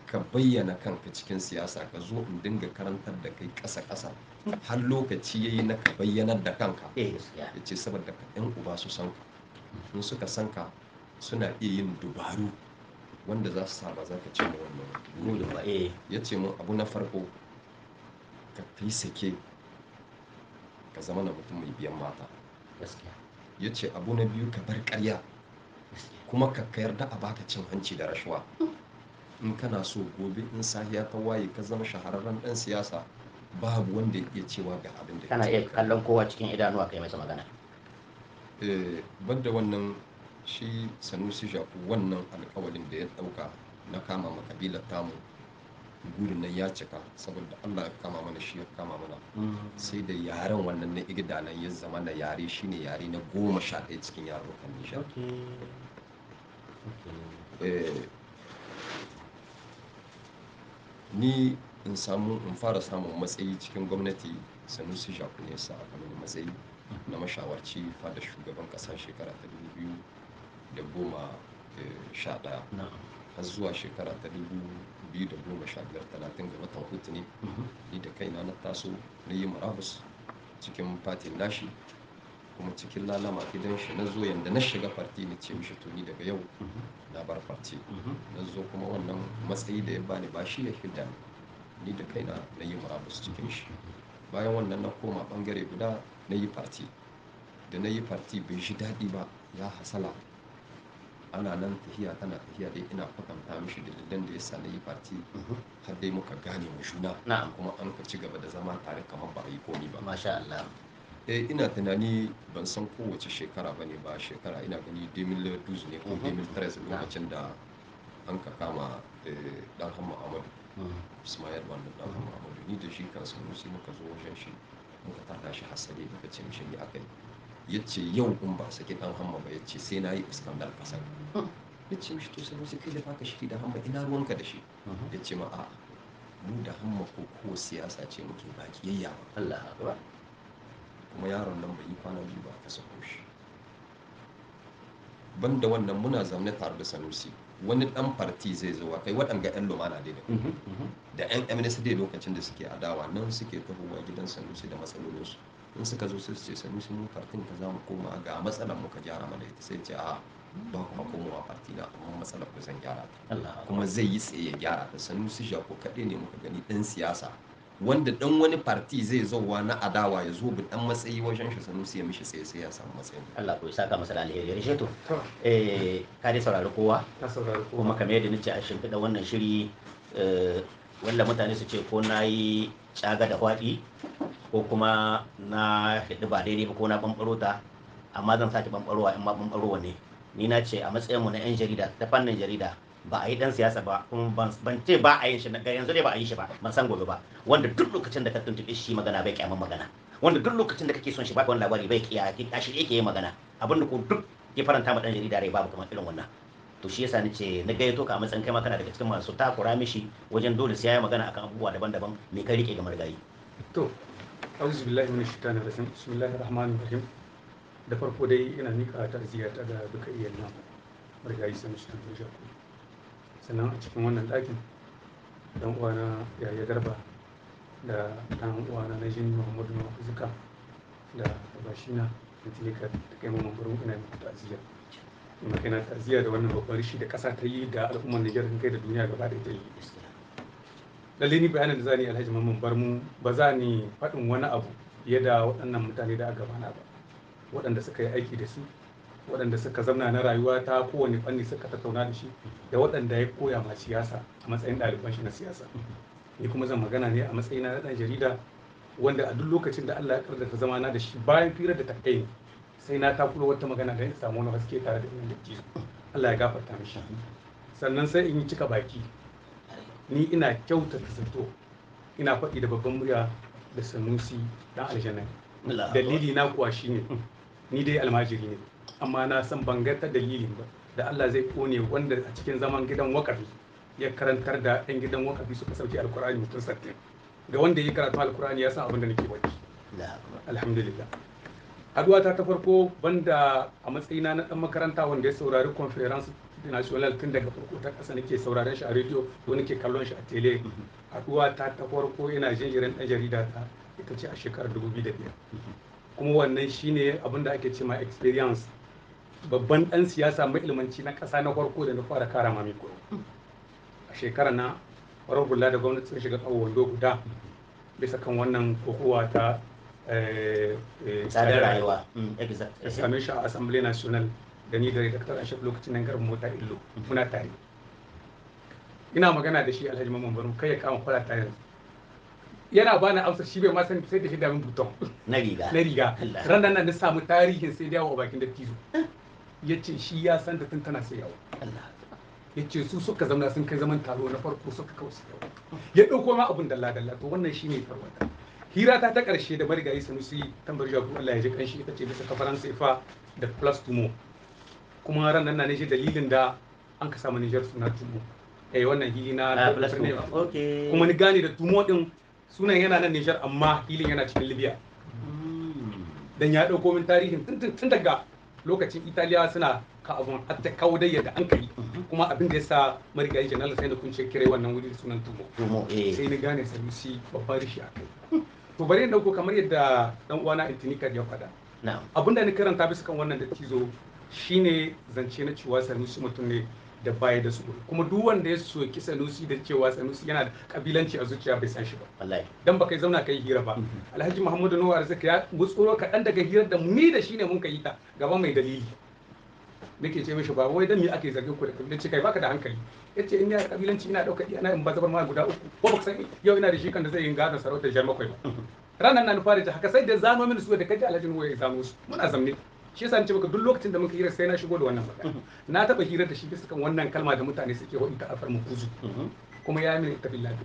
ka bayyana kanka cikin siyasa ka zo in dinga karantar da kai ƙasa ƙasa har lokaci yayi na ka bayyanar da kanka eh, ya ce saboda ka ɗan uba su san in suka san ka suna iya yin dubaru wanda za su saba za ka cimma wannan da ba eh. ya ce mu abu na farko ka kai sake ka zama na mutum mai biyan mata ya ce abu na biyu ka bar karya kuma ka kayar da a baka cin hanci da rashuwa. in kana so gobe in safiya ta waye ka zama shahararren dan siyasa babu wanda ya cewa ga abin da kana iya kallon kowa cikin idanuwa kai masa magana eh banda wannan shi sanusi shaku wannan alkawalin da ya ɗauka na kama ma kabilar tamu gudun nan ya cika saboda allah ya kama mana shi ya kama mana mm. sai da yaren wannan na igida nan ya zama na yare shine yare na goma sha ɗaya cikin yaro kan nishar eh, ni in samu in fara samun matsayi cikin gwamnati sanusi shaku ne sa a matsayi na mashawarci fada shugaban ƙasa shekara ta biyu da goma eh, sha har zuwa shekara ta dubu biyu da goma sha biyar talatin ga watan hutu ne mhm. ni da kaina na taso na yi marabus cikin fatin lashi kuma cikin lalama gidan shi na zo yanda na shiga farti ne ce mishi tuni daga yau mhm. na bar farti mhm. na zo kuma wannan matsayi da ya bani ba shi ya hidda ni da kaina na yi marabus cikin shi bayan wannan na koma bangare guda na yi farti da na yi farti bai shi daɗi ba ya hasala ana nan tafiya tana tafiya dai ina kwatanta mishi dalilan da ya sa na yi farti har dai muka gane mu juna kuma an ka ci gaba da zama tare kamar ba a yi komi ba masha Allah eh ina tunani ban san kowace shekara ba ne ba shekara ina gani 2012 ne ko 2013 mhm. lokacin da an ka kama eh, dan hamma amadu mhm. ismail wannan dan hamma amadu ni da shi kansa musu muka zo wajen shi muka tada shi hasali muka ce mishi ni akai. yace yau in ba saki dan hamma ba ya ce sai na yi iskandar kasar ya ce mishi to sai wasu kai da baka shiri da hamma ina ruwanka da shi uh-huh. ya ce ma a mu da hamma ko ko siyasa ce muke ba yayya ba Allah ba. kuma yaron nan bai yi kwana biyu ba ka sako shi banda wannan muna zaune tare da Sanusi wani dan farti zai zo kai waɗanga 'yan lumana dai da 'yan mm-hmm, mm-hmm. amnesty lokacin da suke adawa nan suke tafowa gidan sanusi da matsalolinsu in suka zo sai su ce sanu sun yi fartin ka za mu koma ga matsalar mu ka gyara mana ita sai ce a ba kuma komowa farti na amma matsalar ku zan gyara ta kuma zai yi tsaye ya gyara ta sanu su jako kaɗai ne muka gani ɗan siyasa wanda dan wani parti zai zowa na adawa ya zo dan matsayi wajen shi sanu ya mishi sai sai ya samu matsayin Allah ko saka masa alheri ya to eh ka dai saurari kowa ka saurari kowa kuma kamar yadda nace a shimfiɗa wannan shiri eh, wanda mutane su ce ko nayi caga da hwaɗi ko kuma na shaɗi ba daidai ba ko na bambaro ta amma zan sake bambarowa in ma ɓamɓarowa ne ni na ce a matsayin mu na 'yan jarida ta fannin jarida ba a yi dan siyasa ba kuma ban ce ba a yin shi daga yanzu dai ba a yi shi ba ban san gobe ba wanda duk lokacin da ka tuntuɓe shi magana bai kiyama magana wanda duk lokacin da kake son shi ba wani labari bai kiya ki tashi yake yin magana abin da ko duk ya faranta ma dan jarida rai babu kamar irin wannan to shi yasa nace na gayyato ka a matsayin kai ma kana daga cikin masu takura mishi wajen dole sai ya magana akan abubuwa daban-daban me kai rike ga margayi to auzu billahi min shaitanir rajim bismillahir rahmanir rahim da farko dai ina mika ta ziyarta ga duka iyalan nan marigayi shi tantar shaku sannan a cikin wannan dakin dan uwana yaya garba da dan uwana na jini muhammadu na zuka da bashina da tilika da kai mamman burin ina mika ta ina kai na da wannan babbar shi da kasa ta yi da al'ummar nijar kai da duniya gaba da ita yi lalle ni bayanin da za ni alhaji mamman bar mu ba za ni faɗin wani abu fiye da waɗannan mutane da aka bana ba waɗanda suka yi aiki da su waɗanda suka zamna na rayuwa ta kowane fanni suka tattauna da shi da waɗanda ya koya ma siyasa a matsayin ɗaliban shi na siyasa ni kuma zan magana ne a matsayin na ɗan jarida wanda a duk lokacin da Allah ya karanta zama na da shi bayan firar da takai sai na takuro wata magana da in samu wani haske tare da inda Allah ya gafarta mishi sannan sai in yi cika baki ni ina kyautata zato ina faɗi da babban murya da sanusi dan aljanna dalili na kuwa shine ni dai almajiri ne amma na san ban ga ta dalilin ba da Allah zai kone wanda a cikin zaman gidan wakafi ya karantar da ɗan gidan wakafi suka sauke alkur'ani mutum sattin ga wanda ya karatu alkur'ani ya san abin da nake baki alhamdulillah haduwa ta ta farko banda a matsayina na ɗan makaranta wanda ya saurari conference national tun daga farko ta ƙasa nake sauraren shi a rediyo ko nake kallon shi a tele haɗuwa ta ta farko ina jinjirin ɗan jarida ta ita ce a shekarar 2005 kuma wannan shine abin da ake ce ma experience babban ɗan siyasa mai ilmanci na ƙasa na farko da na fara kara mami kuro a shekarar na farar hula da gwamnati sun shiga kawo wando guda bisa kan wannan kokowa ta eh, eh, tsadar rayuwa mm, eh. a assembly national da ni da redaktar an lokacin nan garin mota illo muna tare ina magana da shi alhaji mamman baro kai ya kama fara tare yana ba na amsar shi bai ma sani sai da shi damin buton na riga na riga ran nan na samu tarihin sai dawo a bakin dattijo ya ce shi ya san da tun tana sai yawo ya ce su suka zama sun kai zaman taro na farko suka kawo yawo ya ɗauko ma abin dalla dalla to wannan shi ne tarwata hira ta ta ƙarshe da marigayi sanusi tambar jagu Allah ya ji kanshi ita ce bisa kafaran saifa da plus tumo kuma ran nan ne shi dalilin da an ka samu Niger suna tumo eh wannan hili na ah, kuma ni gane da tumo din sunan yana nan Niger amma hilin yana cikin Libya hmm. dan ya dauko min tarihin tun daga lokacin Italiya suna ka abun hatta kawo da yadda an kai mhm. kuma abin da yasa marigayi general sai da kun ce kire wannan wuri sunan tumo eh. sai ni gane sanusi babbar shi akai to bari in dauko kamar yadda dan uwana Intinika ya faɗa abinda ni karanta bisa kan wannan da tizo shine zance na cewa sanusi mutum ne da baya da tsoro kuma duk wanda ya soki sanusi da cewa sanusi yana da kabilanci a zuciya bai san shi ba wallahi dan baka zauna kai hira ba mm-hmm. alhaji muhammadu nuwar zaka ya gutsuro kaɗan daga hirar da ni da shine mun kai ta gaba mai dalili nake ce mishi ba wai dan me ake zargin ku da kabilanci kai baka da hankali yace in ya kabilanci ina dauka ina in ba zabar ma guda uku ko baka san yau ina da shi kan da zai yin gadon sarautar jarmakwai ba mm-hmm. ranar na fara ta haka sai da zano mini su da kaji alhaji nuwar ya zano su muna zamne shi yasa ce maka duk lokacin da muka hira sai na shigo da wannan magana na taba hira da shi bisa kan wannan kalma da mutane suke hoɗi ta afar kuzu mhm. kuma ya mini ta billahi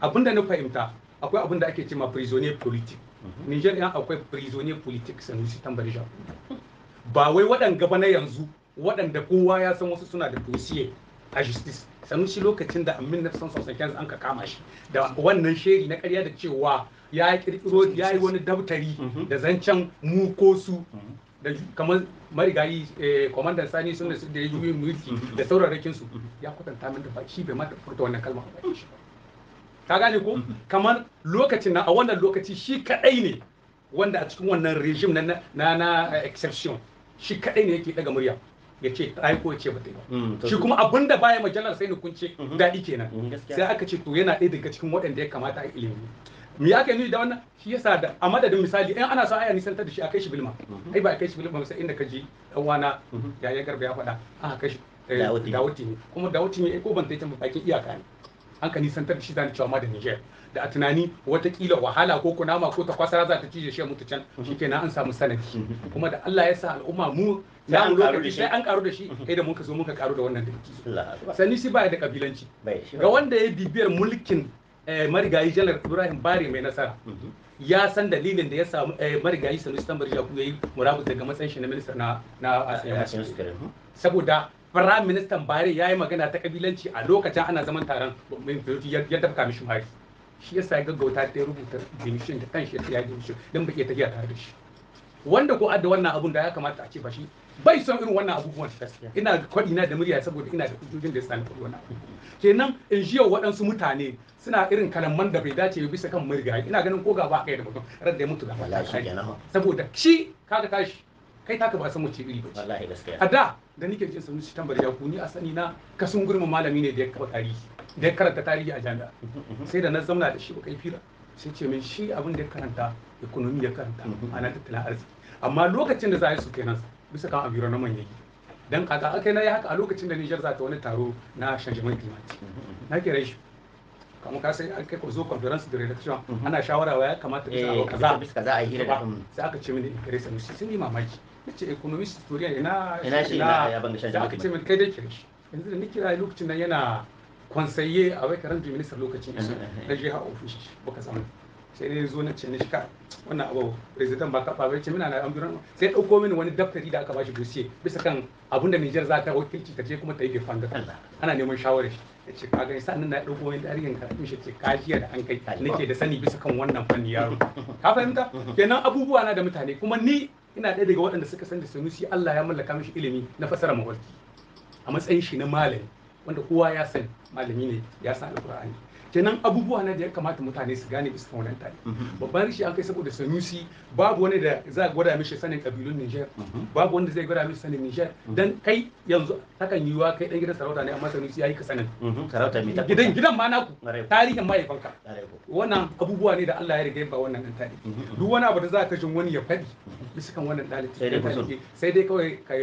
abinda na fahimta akwai abinda ake cewa prisoner politique mhm. Niger yan akwai prisoner politique sanusi tambari ja ba wai waɗanga gaba na yanzu waɗanda kowa ya san wasu suna da dossier a justice sanusi lokacin da amin na san sosan an ka kama shi da wannan sheri na karya da cewa ya kirkiro ya yi wani daftari mhm. da zancen mukosu. da kamar marigayi eh, kwamandan sani sun da ya yi mulki da sauraron su ya kwatanta min da shi bai mata furta wannan kalma ba ka gane ko kamar lokacin na a wannan lokaci shi kadai ne wanda a cikin wannan regime na na na exception shi kadai ne yake daga murya ya ce ta ko ce ba ba mm, shi kuma abin da baya majalar sai ni kunce mm-hmm. daɗi kenan mm, sai aka ce to yana ɗaya daga cikin waɗanda ya kamata a ilimi me yake ni da wannan shi yasa da a madadin misali in ana son aya nisantar da shi a kai shi bilma mhm. ai ba a kai shi bilma sai inda ka ji dan wana mhm. yaya garba ya faɗa a kai shi eh, dawuti ne kuma dawuti ne ko ban taita bakin iyaka ne an ka nisantar da shi zan cewa ma da Niger da a tunani watakila wahala ko kunama ko ta kwasara za ta cije shi mutu can mhm. shikenan an samu sanadi kuma da Allah ya sa al'umma mu ya mu lokaci sai an karu da shi kai da mun ka zo mun ka karu da wannan da yake sani shi ba da kabilanci ga wanda ya bibiyar mulkin Eh, marigayi janar ibrahim bari mai nasara mhm. ya san dalilin da ya samu eh, marigayi sanusi tambari ya yi murabus daga matsayin shi na minista na saboda firayim ministan bare ya yi magana ta kabilanci a lokacin ana zaman taron ya tafka mishi mari shi ya ya gaggauta ta rubuta dimishin da kan shi ya dimishin don ba ta tafiya tare da shi wanda ko adda wannan abun da ya kamata a ce ba shi bai son irin wannan abubuwan ina kwaɗi na da murya saboda ina da hujjojin da ya sani kwaɗi wannan kenan in ji waɗansu mutane suna irin kalamman da bai dace bisa kan murga ina ganin ko gaba kai da mutum ran da mutu gaba saboda shi kaga tashi kai taka ba san wace iri ba a da da nake jin sanu shi tambar yaku ni a sani na kasun gurma malami ne da ya kafa tarihi da ya karanta tarihi a jami'a mhm, mhm, mhm. sai da na zauna da shi ba kai fira sai ce min shi abin da ya karanta ekonomi ya karanta ana tattalin arziki amma lokacin da za a yi su kenan bisa kan environment yake dan kaga akai na yi haka a lokacin da Niger za ta wani taro na shanje changement climatique na kira shi kamar ka sai an kai ko zo conference da redaction mhm. ana shawara wa ya kamata bisa eh, abu kaza bisa kaza a hira da sai aka ce mini in kare sanin shi sun yi mamaki nace economist Historia" ina ina shi ina ya banga changement aka ce mini kai dai kire shi yanzu da ni kira lokacin nan yana kwansaye a wai karan minister lokacin mhm, isu mhm. na jiha ofishi baka samu sai ne zo na ce ne shika wannan abu president ba ka ba ce muna na amduran sai dauko mini wani daftari da aka bashi dossier bisa kan abinda Niger za ta wakilci ta je kuma ta yi gefan da Allah ana neman shawarar shi ya ce kaga yasa nan na dauko wani tarihin karatun shi ce kajiya da an kai nake da sani bisa kan wannan fanni yaro ka fahimta kenan abubuwa na da mutane kuma ni ina ɗaya daga waɗanda suka san da Sanusi Allah ya mallaka mishi ilimi na fasara mawarki a matsayin shi na malami wanda kowa ya sani malami ne ya san alkur'ani kenan abubuwa na da ya kamata mutane su gane bisa wannan tare mhm. babban rishi an kai saboda sanusi babu wani da za a gwada mishi sanin kabilun Niger mhm. babu wanda zai gwada mishi sanin Niger mhm. dan kai yanzu hakan yiwa kai dan gidan sarauta ne amma sanusi yayi ka sanin sarauta mai gidan gidan ma naku tarihin mahaifanka wannan abubuwa ne da Allah ya riga ba wannan dan tare duk wani abu da za ka jin wani ya faɗi bisa kan wannan dalilin sai dai kawai ka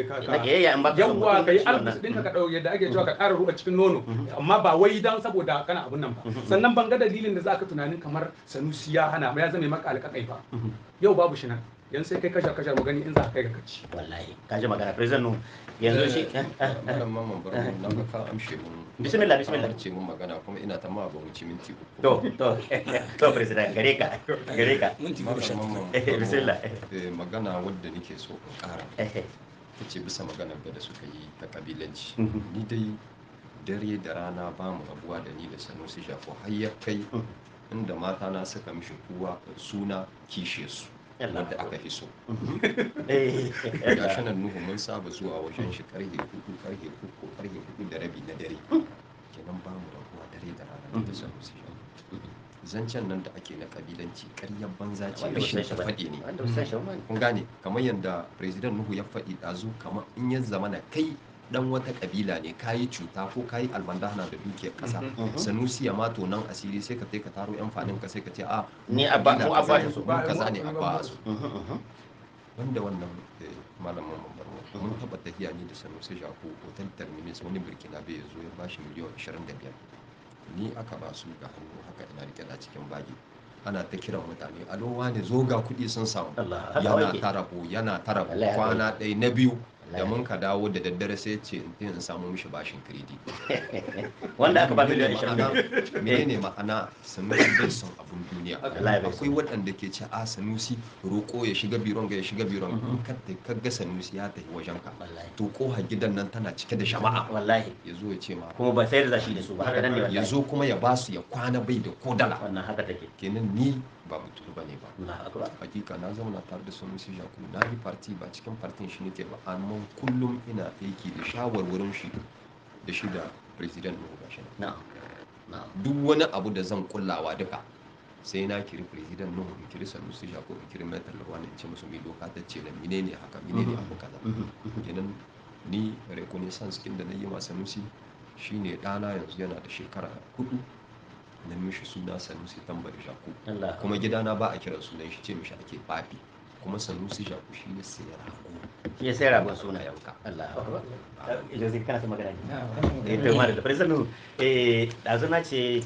yawwa ka yi alkus ɗinka ka ɗau yadda ake cewa ka ƙara ruwa cikin nono amma ba wai dan saboda kana abun nan ba sannan ban ga dalilin da za ka tunanin kamar sanusi ya hana ma ya zama maka alƙaƙai ba mhm. yau babu shi nan yan sai kai kashar kashar magani in za ka kai ga kaci wallahi ka ji magana president no yanzu shi eh, malam mamman bar mun nan ka amshe mun bismillah bismillah ce mun magana kuma ina ta ma ba mu ci minti uku to to to president gare ka gare ka minti uku eh, bismillah eh, magana wanda nake so in ƙara ta ce bisa magana da suka yi ta kabilanci mhm. ni dai dare da rana ba mu rabuwa da ni da sanusi shafo har ya kai inda mata na suka mishi kuwa suna kishe su wanda aka fi so eh. gashi nan nuhu mun saba zuwa wajen shi karhe kuku karhe kuku karhe kuku da rabi na dare kenan ba mu rabuwa dare da rana da sanusi shafo zancen nan da ake na kabilanci karyar banza ce rashin ta faɗi ne kun gane kamar yadda president nuhu ya faɗi ɗazu kamar in ya zama na kai dan wata kabila ne kayi cuta ko kayi almandahana da dukiyar kasa mm-hmm. mm-hmm. sanusi ya mato nan asiri sai ka kai ka taro yan fanin ka sai ka ce a ah, ni a ba mu a ba su kaza ne a ba su wanda mm-hmm, wannan eh, malamin mambarwa mun taba tafiya ni da sanusi jako hotel terminus wani burkina bai zo ya bashi miliyan 25 ni aka ba su ga hannu haka ina rike da cikin bagi ana ta kiran mutane alo wane zo ga kuɗi sun samu yana tarabo yana tarabo kwana ɗaya na biyu da mun ka dawo da daddare sai ce in in samu mishi bashin kredi wanda aka ba miliyan 20 ne ma'ana sanusi bai son abun duniya akwai waɗanda ke ce a ah, sanusi roƙo ya shiga biron ga ya shiga biron mm-hmm. ka ga sanusi ya tafi wajen ka to koha gidan nan tana cike da shama'a wallahi ya zo ya ce ma kuma ba sai da shi da su ba ya zo kuma ya ba su ya kwana bai da ko dala wannan haka take kenan ni ba butulu ba ne ba hakika na zauna tare da sanusi yakubu na yi farti ba cikin fartin shi nake ba amma kullum ina aiki da shawarwarin shi da shi da president nuhu duk wani abu da zan kullawa duka sai na kiri president nuhu in kiri sanusi yakubu in kiri metar lawan in ce musu mai doka ta ce na mine ne haka mine ne mhm. abu kaza mhm. Mhm. kenan ni reconnaissance kin da na yi ma sanusi shine ɗana yanzu yana da shekara huɗu. na mishi suna sanusi tambar shaku kuma gidana ba a kiran sunan shi ce mishi ake fafi kuma sanusi shaku shi ne sai rago shi ya sai ragon suna yauka Allah Jose kana magana ne eh to mara da eh ce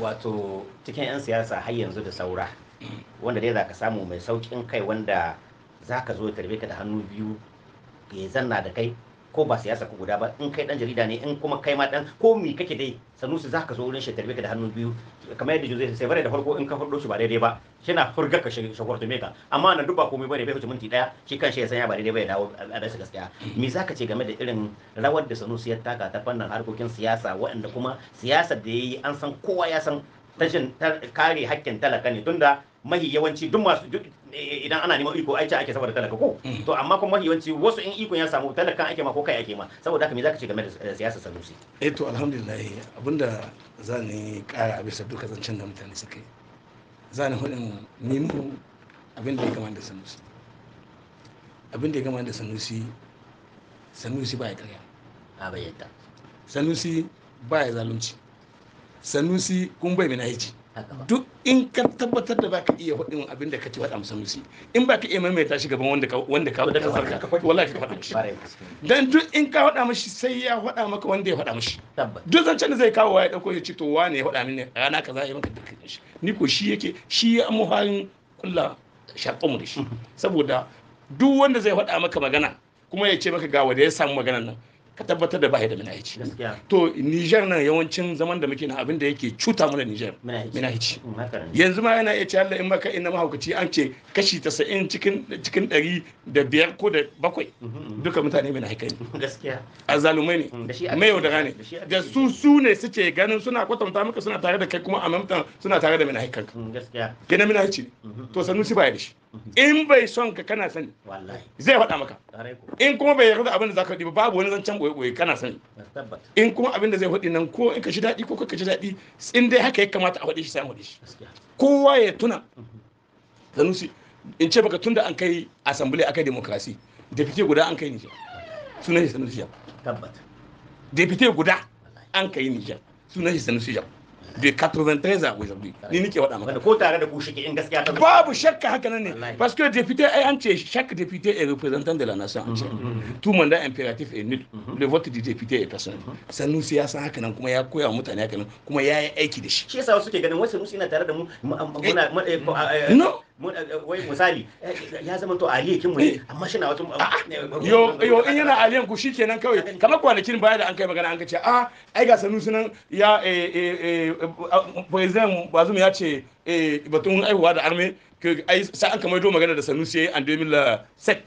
wato cikin yan siyasa har yanzu da saura wanda dai zaka samu mai saukin kai wanda zaka zo tarbe ka da hannu biyu ya zanna da kai ko ba siyasa ku guda ba in kai dan jarida ne in kuma kai ma dan ko mi kake dai sanusi zaka zo wurin shi tarbe ka da hannu biyu kamar yadda Jose sai bare da farko in ka fardo shi ba daidai ba yana furga ka shagwar to meka amma na duba komai bane bai huce minti daya shi kan shi ya san ya ba daidai ba ya dawo a dace gaskiya me zaka ce game da irin rawar da sanusi ya taka ta fannin harkokin siyasa waɗanda kuma siyasar da yayi an san kowa ya san tashin kare hakkin talaka ne tunda mahi yawanci duk masu eh, idan ana neman iko aice ake saboda talaka ko mm. to amma kuma mahi yawanci wasu in ikon ya samu talakan ake ma ko kai ake ma saboda haka me zaka ce game da eh, siyasar sanusi eh to alhamdulillah abinda zan kara bisa duka zancen da mutane suka yi zan hudin nemo abin da ya gama da sanusi abin da ya gama da sanusi sanusi ba ya karya a bayyanta sanusi ba ya zalunci sanusi kun bai mina yaji duk in ka tabbatar da baka iya faɗin abin da kace faɗa musamman in baka iya maimaita shi gaban wanda ka wanda ka faɗa ka wallahi ka faɗa mishi dan duk in ka faɗa mishi sai ya faɗa maka wanda ya faɗa mishi duk zancen da zai kawo ya dauko ya ce to wane ya faɗa mini rana kaza ya maka dukkan shi ni ko shi yake shi ya halin kulla shaƙon mu da shi mhm. saboda duk wanda zai faɗa maka magana kuma ya ce maka ga wanda ya samu maganar nan ka tabbatar da bai da minahici to Niger nan yawancin zaman da muke na abin da yake cuta mana Niger minahici mm, yanzu ma yana iya ce Allah in maka inna mahaukaci an ce kashi 90 cikin cikin 100 da biyar ko da bakwai mm-hmm, mm-hmm. duka mutane minahika ne gaskiya azalumai ne mm, mai yau da rane da su su ne suke ganin suna kwatanta maka suna tare da kai kuma a mamta suna tare da minahikanka mm, gaskiya kenan minahici mm-hmm, to sanusi baya da shi in bai son ka kana sani zai faɗa maka in kuma bai yarda abin da zaka faɗi ba babu wani zancen boye boye kana sani in kuma abin da zai faɗi nan ko in ka shi daɗi ko ka shi daɗi in dai haka ya kamata a faɗi shi sai an faɗi shi kowa ya tuna mhm. sanusi in ce baka tunda an kai asambile akai demokrasi deputy guda an kai Nijar sunan shi sanusi tabbata deputy guda an kai Nijar sunan shi sanusi jam de 93 ans aujourd'hui ni nake wada maka ko tare da ku shi in gaskiya ta babu shakka haka nan ne parce que député ai eh, an ce chaque député est représentant de la nation entière mhm, mhm, mhm. tout mandat impératif est nul le vote du député est personnel sanu siyasa haka nan kuma ya koya mutane haka nan kuma ya yi aiki da shi shi yasa suke ganin wasu nusi na tare da mu eh, muna eh, Eh, eh, wai misali eh, ya zama to aliyakin mu ne amma shi na wata yo yo in yana aliyan ku shikenan kawai kamar kwanakin baya da an kai magana an kace a ah, ai ga sanu sunan ya eh eh president bazum ya ce batun aihuwa da arme sai an kamar magana da sanusi yayi and 2007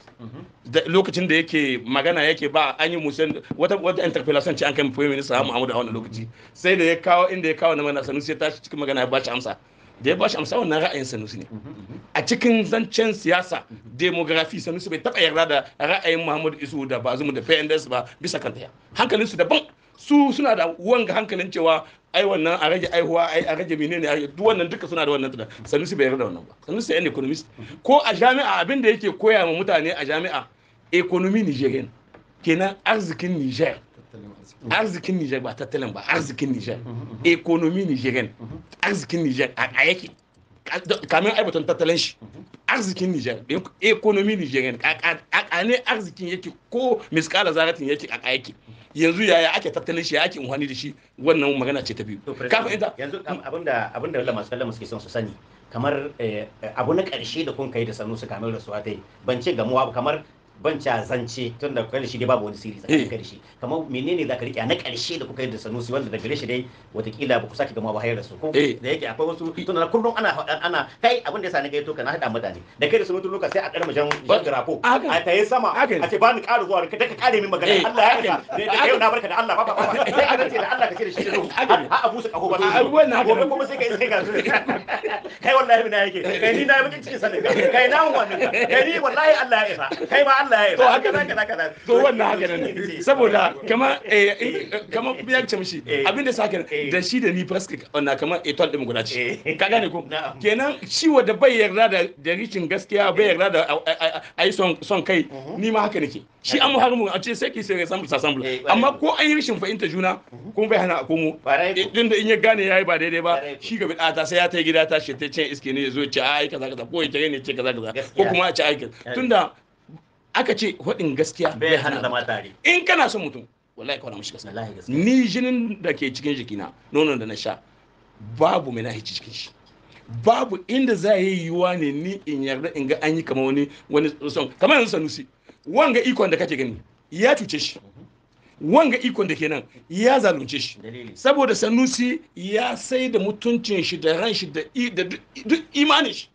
lokacin da yake magana yake ba an yi musan wata wata interpellation ce an kai prime minister Muhammadu a wannan lokaci sai da ya kawo inda ya kawo na magana sanusi ya tashi cikin magana ya ba shi amsa da ya shi amsa wannan ra'ayin sanusi ne mhm, mhm. a cikin zancen siyasa demografi sanusi bai taba yarda da ra'ayin muhammadu isu da bazumu da pnds ba bisa kan taya hankalinsu daban su suna da wanga hankalin cewa ai wannan a rage aihuwa ai a rage menene a duk wannan duka suna da wannan tunan sanusi bai yarda wannan ba sanusi yan economist mhm. ko a jami'a abin da yake koya ma mutane a jami'a economy nigerian kenan arzikin niger arzikin Nijar ba tattalin ba arzikin Nijar ekonomi Nijerian arzikin Nijar a yake kamar aibatan tattalin shi arzikin Nijar ekonomi Nijerian a ne arzikin yake ko miskala zaratin yake a yake yanzu yaya ake tattalin shi ya ake unhani da shi wannan magana ce ta biyu kafin ita yanzu abinda abinda lama sallama son su sani kamar eh, abu na karshe da kun kai da sanu su kamar suwa ta yi ban ce gamuwa kamar ban ca zance tun da karshe da dai babu wani siri tsakanin eh. kai da kamar menene ka rike na karshe da kuka yi da Sanusi wanda da gare shi dai watakila ba ku sake gama ba hayar da su ko eh. da yake akwai wasu tun da kullum ana ana kai abin da yasa ni gaito kana hada mutane da kai da Sanusi loka sai a karma jan jan grafo a tayi sama a ce ba ni ƙara zuwa ka daka kare min magana eh. Allah ya yarda da kai na barka da Allah ba ba ba sai a ce da Allah ka ce da shi da a abu su kaho ba ko kuma sai kai sai ga su kai wallahi na yake kai ni na yi cikin sanin kai na wannan kai ni wallahi Allah ya isa kai ma Allah ya yarda to haka haka to wannan haka nan saboda kama kama ya ce eh. abin da saka eh. da shi da ni faske na kama etol eh, din guda ce ka gane ko kenan shi wanda bai yarda da da rikin gaskiya bai yarda da ai son son kai mhm. ni ma haka nake shi an mu a ce sai ki sai samu sasambu amma ko an yi rishin fahimta juna mhm. kuma bai hana a komo tunda in ya gane yayi ba daidai ba shi ga bid'a ta sai ya ta gida ta shi ta ce iske ne ya zo ce ai kaza kaza ko ya ne ce kaza kaza ko kuma a ce ai tunda aka ce hudin gaskiya bai hana zama tare in kana son mutum wallahi kawai mushi gaskiya ni jinin da ke cikin jikina nonon da na sha babu mai nahici cikin shi babu inda za yi yiwuwa ne ni in yarda in ga an yi kama wani wani son kamar yanzu sanusi wanga ikon da kake gani ya cuce shi wanga ikon da kenan ya zalunce shi saboda sanusi ya sai da mutuncin shi da ran shi da duk imanin shi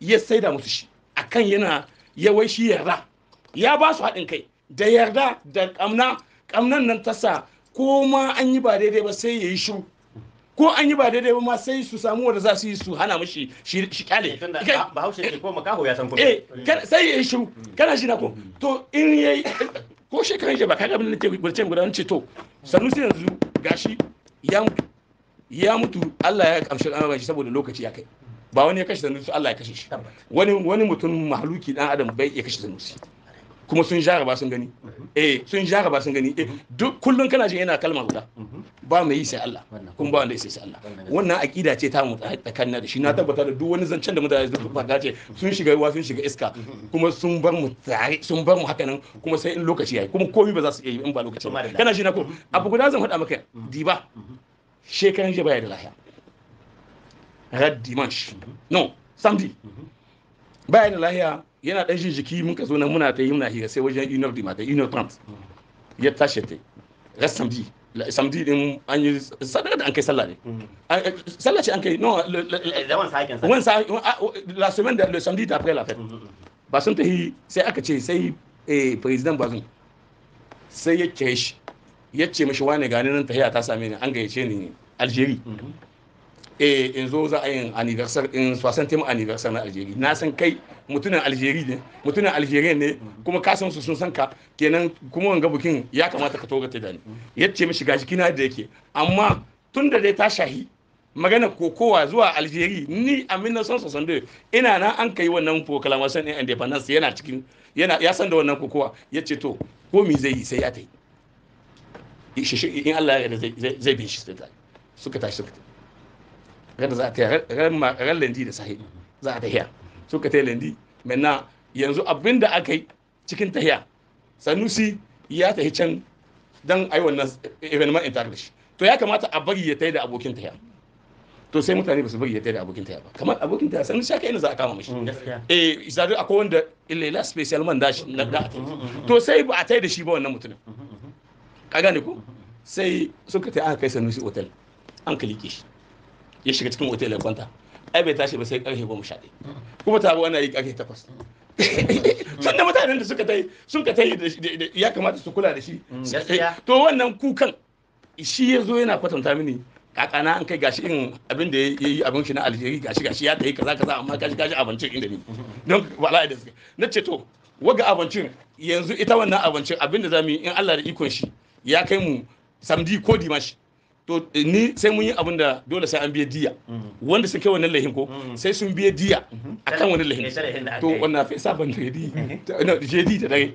ya sai da musu shi akan yana yawai shi yarda ya ba su haɗin kai da yarda da ƙamna ƙamnan nan ta sa ko ma an yi ba daidai ba sai ya yi shiru ko an yi ba daidai ba ma sai su samu wanda za su yi su hana mashi shi kyale eh, bahaushe ke ko makaho ya san kuma eh sai ya yi shiru kana shi na ko to in yi ko shekaran shi ba kaga abin da ke gurce guda ce to sanusi yanzu gashi ya mutu ya mutu Allah ya kamshi al'amarin shi saboda lokaci ya kai ba wani ya kashe sanusi Allah ya kashe shi wani wani mutum mahaluki dan adam bai ya kashe sanusi kuma sun ba mhm. eh, sun gani eh sun ba sun gani eh duk kullun kana jin yana kalmar guda mhm. ba mai yi sai Allah kun ba wanda yi sai Allah wannan akida ce ta mu tsakanin da shi na mhm. tabbata da duk wani zancen da mutane duk faɗa ce sun shiga ruwa sun shiga iska kuma sun bar mu tare sun bar mu haka nan kuma sai in lokaci yayi kuma komai ba za su iya yi in ba lokaci kana shi na ko abu guda zan faɗa maka diba shekaran jiya baya da lahiya raddi dimanche non samedi baya da lahiya yana ɗan jin jiki mun ka zo nan muna ta yi muna hira sai wajen inar di mata inar pant ya tashi ta ras samdi samedi din an yi sadaka da an kai sallah ne mm-hmm. sallah ce an kai no wani eh, sa la semaine de le samedi d'après la fête mm-hmm. ba sun yi sai aka ce sai eh, president bazum sai ya ce shi ya ce mishi wane gani nan tahiya ta same ni an gayyace ni Algeria mm-hmm. eh in zo za a yin anniversary in soixantième anniversaire na Algeria na san kai mutunan Algeria ne mutunan Algeria ne kuma ka san su sun san ka kenan kuma wanga bukin ya kamata ka toga da ni yace mishi gashi kina da yake amma tun da dai ta shahi magana kokowa zuwa Algeria ni a da ina na an kai wannan proclamation in independence yana cikin yana ya san da wannan kokowa yace to ko mi zai yi sai ya tai in Allah ya yarda zai bin shi sai suka tashi suka tashi ran za ta ran lendi da sahi za a tahiya suka ta lendi menna yanzu abin da aka yi cikin tahiya sanusi ya tahi can dan ai wannan evenement interglish to ya kamata a bari ya tayi da abokin ta tahiya to sai mutane ba su bari ya tayi da abokin tahiya ba kamar abokin ta tahiya sanusi shaka inda za a kama mishi mm, eh zadu akwai wanda illela special man dashi na da mm, mm, to sai ba a tayi da shi ba wannan mutumin ka gane ko sai suka tayi aka kai sanusi hotel an kalike shi ya shiga cikin hotel ya kwanta ai bai tashi ba sai karfe goma sha ɗaya kuma ta taro na yi karfe takwas da mutanen da suka tai sun ka tai ya kamata su kula da shi mm, to wannan kukan shi ya zo yana kwatanta mini kakana an kai gashi in abin da ya yi abin shi na aljeri gashi gashi ya tai kaza kaza amma gashi gashi abincin inda ne don wala da suka na ce to waga abincin yanzu ita wannan abincin abin da za mu yi in Allah da ikon shi ya kai mu samdi ko dimashi to eh, ni sai mun yi abin da dole sai an biya diya wanda sun kai wannan lahin ko mm-hmm. sai sun biya diya mm-hmm. akan wannan lahin to wannan fa sa ban dare je mm-hmm. jedi da dare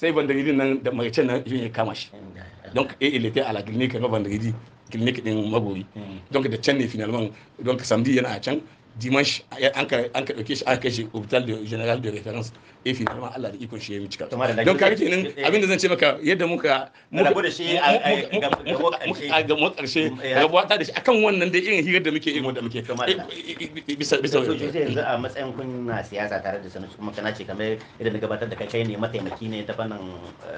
sai ban dare nan da magacin nan yin kama shi don ka eh, ila ta ala clinic ka ban dare clinic din magori don ka da can ne finalman don ka samdi yana a can dimanche an ka an ka dauke shi aka kai shi hospital de general de reference. efi fi Allah da ikon shi ya yi cika don ka kenan eh, abin da zan ce maka yadda muka muka shi a ga mu karshe mm, rabuwa ta da shi akan wannan da irin hirar da muke yi wanda muke eh, eh, bisa bisa yanzu a matsayin kun na siyasa tare da sanusi kuma kana ce kamar yadda idan gabatar da kai kai ne mataimaki ne ta fannin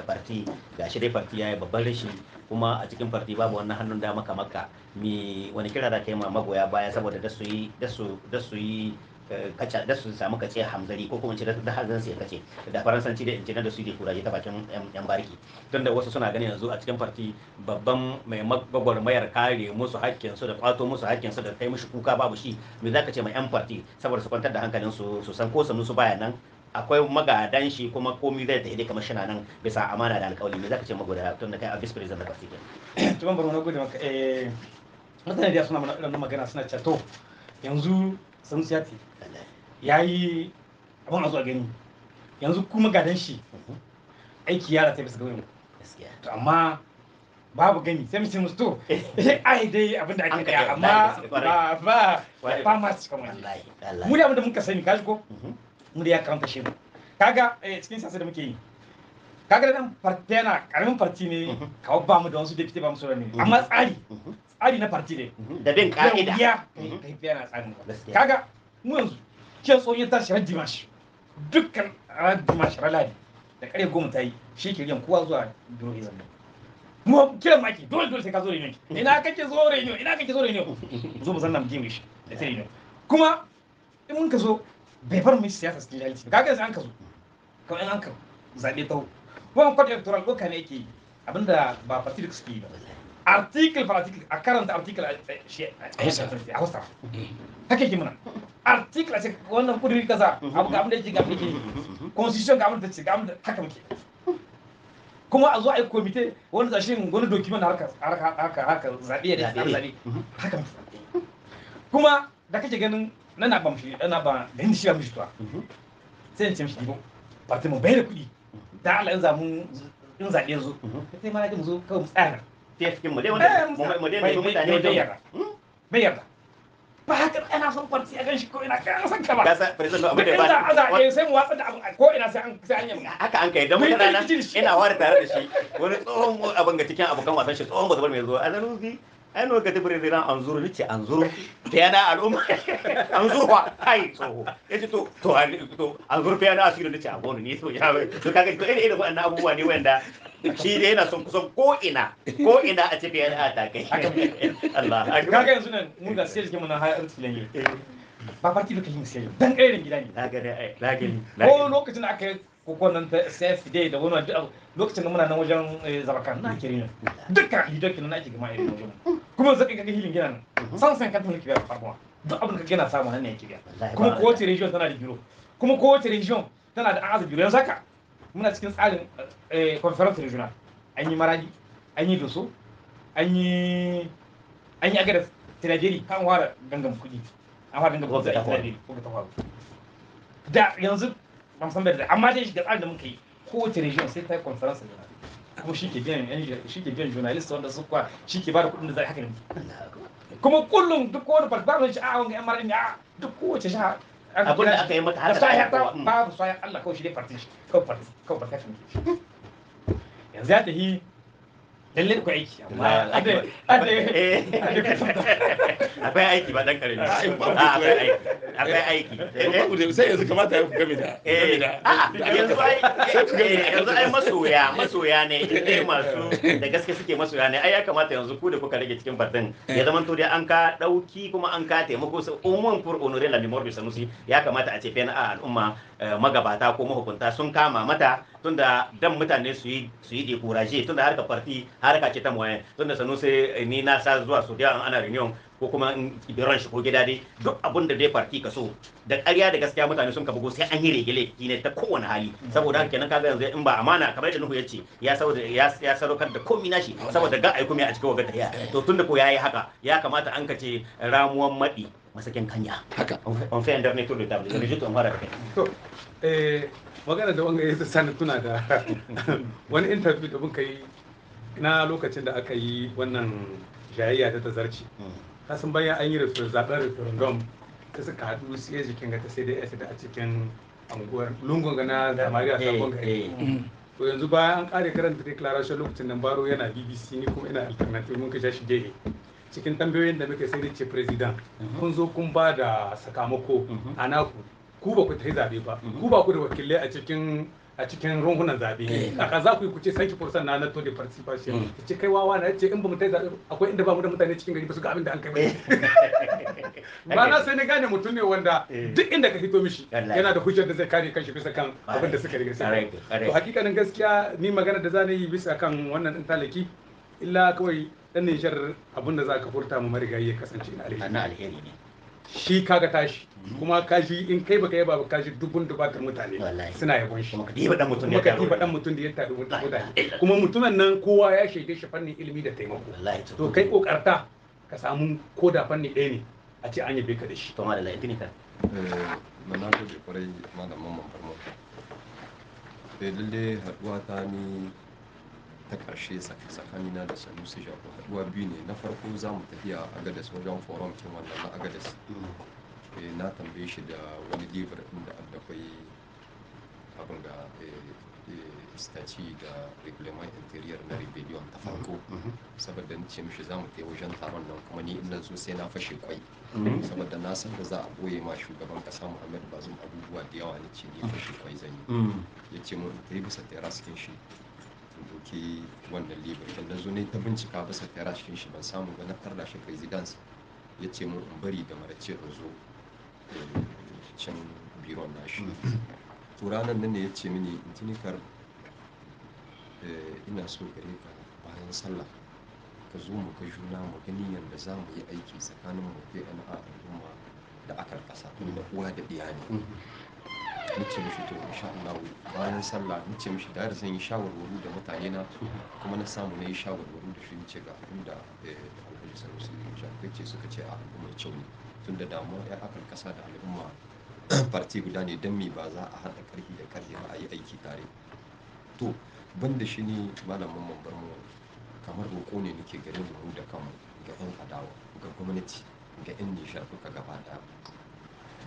farti ga shi dai parti yayi babban rashi kuma a cikin farti babu wannan hannun da maka maka Mi wani kira da kai ma magoya baya saboda da su yi da su da su yi kaca da su samu kace hamzari ko kuma ce da hazan sai kace da faransanci da injina da su ke kuraje ta bakin yan bariki don da wasu suna ganin yanzu a cikin farti babban mai mayar kare musu hakkin su da kwato musu hakkin su da kai mushi kuka babu shi me zaka ce mai yan farti saboda su kwantar da hankalin su su san ko sanu su baya nan akwai magadan shi kuma komi zai ta hidi kamar shina nan bisa amana da alƙawari me zaka ce magoda tun da kai a vice president da farti kenan tuban baro na gode maka eh mutane da suna magana suna cato yanzu sun siyati ya yi abin a zuwa gani yanzu kuma gadan shi aiki yara ta bisa gauyin to amma babu gani sai mu ce mutum to ai dai abin da ake daya amma ba ba ba ma su kamar mu da abin da muka sani kaji ko mhm. mu da ya kamta shi mu kaga eh, cikin sasa da muke yi kaga da nan farti yana karamin farti ne mhm. kawo ba mu da wasu deputy ba mu sauran ne mhm. amma tsari tsari na farti ne mhm. da bin ka'ida ya mhm. eh, kai na tsarin kaga mu yanzu ke tsohon tashi ran dimash dukkan ran dimash ralali da kare goma ta yi shi ke riyan kowa zuwa biro izan mu kiran maki dole dole sai ka zo reunion ina kake zo reunion ina kake zo reunion zo mu zanna mu game shi da sai reunion kuma in mun ka zo bai bar mu siyasa cikin reality kaga yanzu an ka zo kawai an ka zabe tawo wannan kwata electoral doka ne yake abinda ba party da suke yi ba article par article a karanta article a hausa haka ki muna article a ce wannan kudiri kaza abu ga abin da yake ga abin da yake constitution ga abin da ce ga abin da haka muke kuma a zo a yi komite wani zashin wani document na harkar zaɓe da zaɓe haka muke kuma da kake ganin na na ban na ba da hindi shi ba mishi tuwa sai in ce mishi dibo ba mu bayar da kuɗi da Allah in zamu in zaɓe zo sai ma na ji mu zo kawai mu tsaya feskin mu dai wanda mu dai ne mutane wajen yarda bai yarda ba haka ana son kwanci a shi ko ina ka san ka ba ka sa president abu da ba da aza eh sai mu watsa da abu ko ina sai an sai an yi haka an kai da mun rana ina ware tare da shi wani tsohon abin ga cikin abokan wasan shi tsohon bazabar mai zuwa a zaruzi ai no kati bure zira anzuru nice anzuru fiyana al'umma anzuru wa kai tsoho ya ce to to anzuru fiyana asiru nice a gonu ne so ya bai to kaga to irin irin wannan abubuwa ne wanda shi dai yana son kusan ko ina ko ina a ce fiyana a takai Allah kaga yanzu nan mun ga sai jikin mun har artilan yi ba farki da lokacin sai dan kairin gida ne na ai na ko lokacin da aka yi ko nan ta sai fide da wani abu lokacin da muna nan wajen eh, zabakan na kiri ne dukkan hidon kinan na ake gama irin wajen kuma zaka ga hilin gina nan san san kanta ne kibiya farko duk abin ka gina samu nan ne kibiya kuma kowace region tana da biro kuma kowace region tana da an azu biro yanzu haka muna cikin tsarin eh, conference regional an yi maradi an yi doso an yi an yi agadar tinajeri kan wara gangan kudi an fara gangan kudi a tinajeri ko ta faru da yanzu ban san bai da amma dai shiga tsarin da muka yi kowace region sai ta yi conference da kuma shi ke biyan shi ke biyan journalist wanda su kwa shi ke bada kuɗin da zai haka ne kuma kullum duk kowane farko da shi a ah, wanga yan marin a ah, duk kowace jiha abin da aka yi mata kawai shi dai kawai yanzu ya tafi lalle ku aiki eh. akwai aiki ba dan karami ah, ah, akwai eh, aiki sai yanzu kamata ya ku game eh. ah, da yanzu ai masoya masoya ne dai masu da gaske suke masoya ne ai ya kamata yanzu ku da kuka rage cikin batun ya zama to dai an ka dauki kuma an ka taimako sai umman pour honorer la mémoire de Sanusi ya kamata a ce fa na al'umma Eh, magabata ko mahukunta sun kama mata tunda dan mutane su yi su yi dekuraje tunda harka farti harka ce ta moyen tunda sanu sai eh, ni na sa zuwa su da ana reunion ko kuma ibiran shi ko gida dai duk abun da dai farki ka so da ƙarya da gaskiya mutane sun ka bugo sai an yi regile ne ta kowane hali saboda haka kenan kaga yanzu in ba amana kamar da Nuhu yace ya saboda ya ya sadaukar da komai nashi saboda ga aiko mai a cikin wagar tahiya to tunda ko yayi haka ya kamata an ka ce ramuwan madi masakin kanya haka on fait internet tout da table je to eh magana da wanga yasa sani tuna da wani interview da mun kai na lokacin da aka yi wannan jayayya ta tazarci mm. kasan bayan an yi zaben referendum ta ka haɗu yi jikin ga ta sai dai ta a cikin anguwar lungun na zamariya sabon gari eh, eh. Mm. to yanzu bayan an kare karanta declaration lokacin nan baro yana bbc ni kuma yana alternative mun kashe shi cikin tambayoyin da muka sai da ce president mm-hmm. kun zo kun ba da sakamako mm-hmm. a naku ku ba ku ta zaɓe ba mm-hmm. ku ba ku da wakilai a cikin a cikin rungunan zaɓe eh. a za ku yi kuce sanki kursan na na to da participation hmm. ce kai wawa na ce in ba mu tai zaɓe akwai inda ba mu da mutane cikin gari ba su ga abin da an kai ba na sai na gane mutum ne wanda eh. duk inda ka fito mishi yana da hujjar da zai kare kanshi bisa kan abin da suka riga sai to hakikanin gaskiya ni magana da zan yi bisa kan wannan din talaki illa kawai dan shar abin da za ka furta mu marigayi ya kasance na alheri ne shi kaga tashi kuma kaji in kai baka yaba ba kaji dubun dubatar mutane suna yabon shi kuma kadiba dan mutum ya ba dan mutum da ya taru mutane kuma mutumin nan kowa ya shaide shi fannin ilimi da taimako to kai kokarta ka samu koda fanni ɗaya ne a ce an yabe ka da shi to malala idini ka na eh, na gode kwarai malamin mamman farmo eh lalle haduwa ta ni ta ƙarshe na da sanusi jago haɗuwa biyu ne na farko za mu tafiya agadas wajen forum kin wannan na agadas mm. eh, na tambaye shi da wani liver inda da akwai abin ga eh, eh, staci da reglement interior na rebellion ta farko mm-hmm. Mm-hmm. saboda ce mishi za mu kai wajen taron nan kuma ni in zo sai na fashe kwai mm-hmm. saboda na san da za a boye ma shugaban kasa muhammad bazum abubuwa da yawa na ce ni fashe kwai zan yi mm. ya ce mun ta bisa teraskin shi in ɗauki wannan libar ɗin na zo ne ta bincika ba tara cikin shi ban samu ba na karda shi presidence ya ce mun in bari da marace in zo eh, can biron nashi to ranar nan ne ya ce mini in kar eh, ina so gare ka bayan sallah ka zo mu ga juna mu gani yadda za mu yi aiki tsakanin mu kai al'umma da akar ƙasa da uwa da iyali nace mishi to insha Allah bayan sallah nace mishi da zan yi shawarwaru da mutane na kuma na samu na yi shawarwaru da shi nace ga abin da eh, alhaji sanusi ya suka ce a mai kyau ne tun da damuwa ya akan kasa da al'umma farti guda ne don me ba za a haɗa ƙarfi da ƙarfi ba a yi aiki tare to ban da shi ne malamin mambar mu kamar roƙo ne nake gare mu da kanmu ga 'yan adawa ga gwamnati ga 'yan nishafuka gaba ɗaya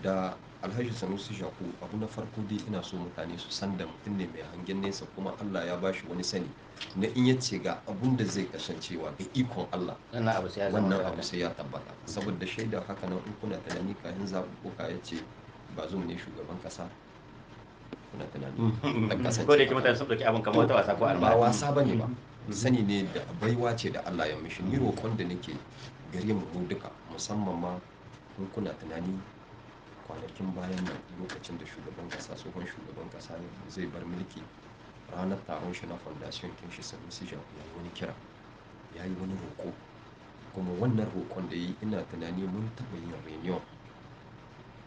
da Alhaji Sanusi Shaku, abu na farko dai ina so mutane su san da mutum ne mai hangen nesa kuma Allah ya bashi wani sani na in yace ga abun da zai kasancewa da ikon Allah wannan abu sai ya tabbata saboda shaidar haka nan in kuna tunani kayan zaɓuɓɓuka ya ce ba zan ne shugaban ƙasa kuna tunani dan kasance ko da ke mutane sun ɗauki abin kamar wata wasa ko alba ba wasa ba sani ne da baiwa ce da Allah ya mishi ni roƙon da nake gare mu duka musamman ma in kuna tunani kwanakin bayan lokacin da shugaban ƙasa tsohon shugaban ƙasa zai bar mulki ranar taron shi na foundation kin shi sanusi ya yi wani kira ya yi wani roƙo kuma wannan roƙon da yi ina tunani mun taɓa yin reunion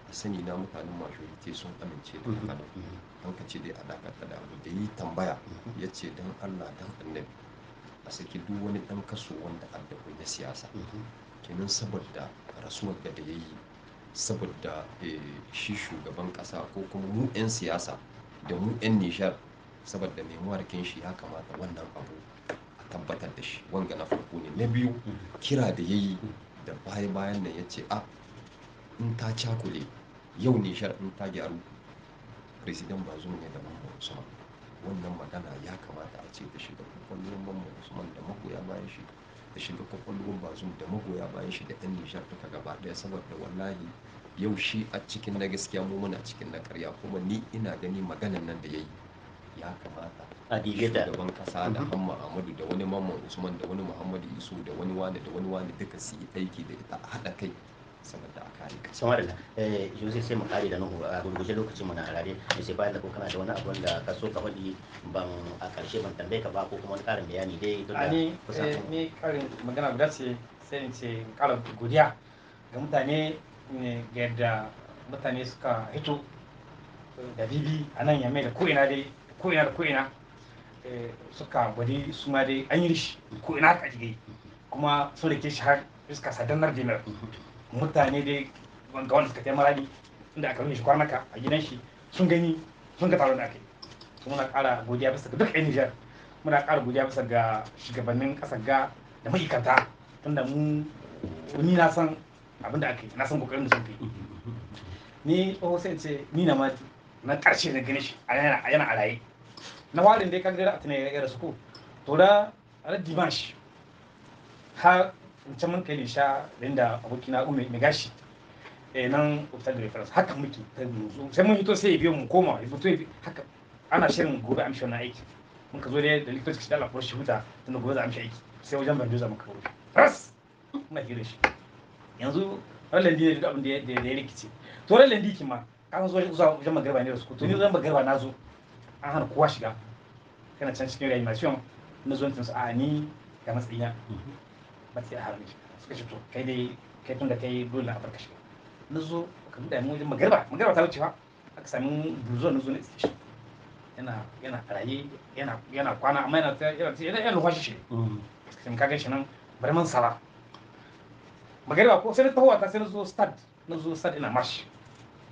a sani na mutanen majority sun amince da haka mm-hmm. don ka ce dai a dakata da abu da yi tambaya mm-hmm. ya ce don allah don annabi a saki duk wani ɗan kaso wanda addabi na siyasa mm-hmm. kenan saboda rasuwar da da ya yi saboda eh, shi shugaban ƙasa ko kuma mu 'yan siyasa da mu 'yan nishar saboda nemuwar shi ya kamata wannan abu a tabbatar da shi wanga na farko ne na biyu kira da ya yi da baya bayan nan ya ce a in ta cakule yau nishar in ta gyaru president bazum ne da mamman usman wannan magana ya kamata a ce da shi da kuma neman usman da magoya bayan shi da shiga ƙwaƙwalwan Bazoum da magoya bayan shi da 'yan Nijar duka gaba ɗaya saboda wallahi yau shi a cikin na gaskiya mu muna cikin na karya kuma ni ina gani maganan nan da ya yi ya kamata A shugaban ƙasa da mhm. Hamma Ahmadu da wani Mamman Usman da wani Muhammadu Isu da wani wani, da wani wani duka su yi aiki da ita a haɗa kai saboda aka yi sama da eh yusuf sai mu kare da nuhu a gurguje lokacin mu na harare ne sai bayan da ko kana da wani abu da ka so ka faɗi ban a ƙarshe ban tambaye ka ba ko kuma wani ƙarin bayani dai duk da kusa eh, ni ƙarin magana guda ce sai in ce ƙara godiya ga mutane ga yadda mutane suka hito da bibi a nan yamai da ko'ina dai ko'ina da ko'ina eh, suka gwadi su ma dai an yi shi ko'ina ka jige kuma so da ke shi har iska sadannar dinar mutane dai ga wanda suka taimara ni inda aka rune shi kwarnaka a gidan shi sun gani sun ga taron da aka yi muna ƙara godiya bisa ga duk 'yan Nijar muna ƙara godiya bisa ga shugabannin ƙasar ga da ma'aikata tunda mu ni na san abin da aka yi na san kokarin da sun fi ni tsoho sai ce ni na mati na ƙarshe na gani shi a yana a raye na warin dai kan gida a tunai ya rasu ko to da ran dimash har can mun kai lisha da abokina ume mai gashi eh, nan hospital de reference haka muke ta yanzu sai mun hito sai biyo mu koma ya fito haka ana shirin gobe amshi wannan aiki mun ka zo dai da likitoci da Allah shi huta tunda gobe za amshi aiki sai wajen bandoza muka kawo ras muna hira shi yanzu rallan dini da abin da ya rikice to rallan diki ma an zo zuwa wajen magarba ne da su to ni zan magarba na zo an hana kowa shiga kana can cikin reanimation na zo tun a ni ga matsayina mhm. ban sai a harbe shi suka ce to kai dai kai tun da kai dole na farka shi na zo ka buɗe mu magarba magarba ta wucewa aka sami buzo na zo na station yana yana raye yana yana kwana amma yana yana yana yana lufashi shi mm. sai ka gaishe nan bari man sala magarba ko sai na tahowa ta sai na zo stad na zo stad ina marsh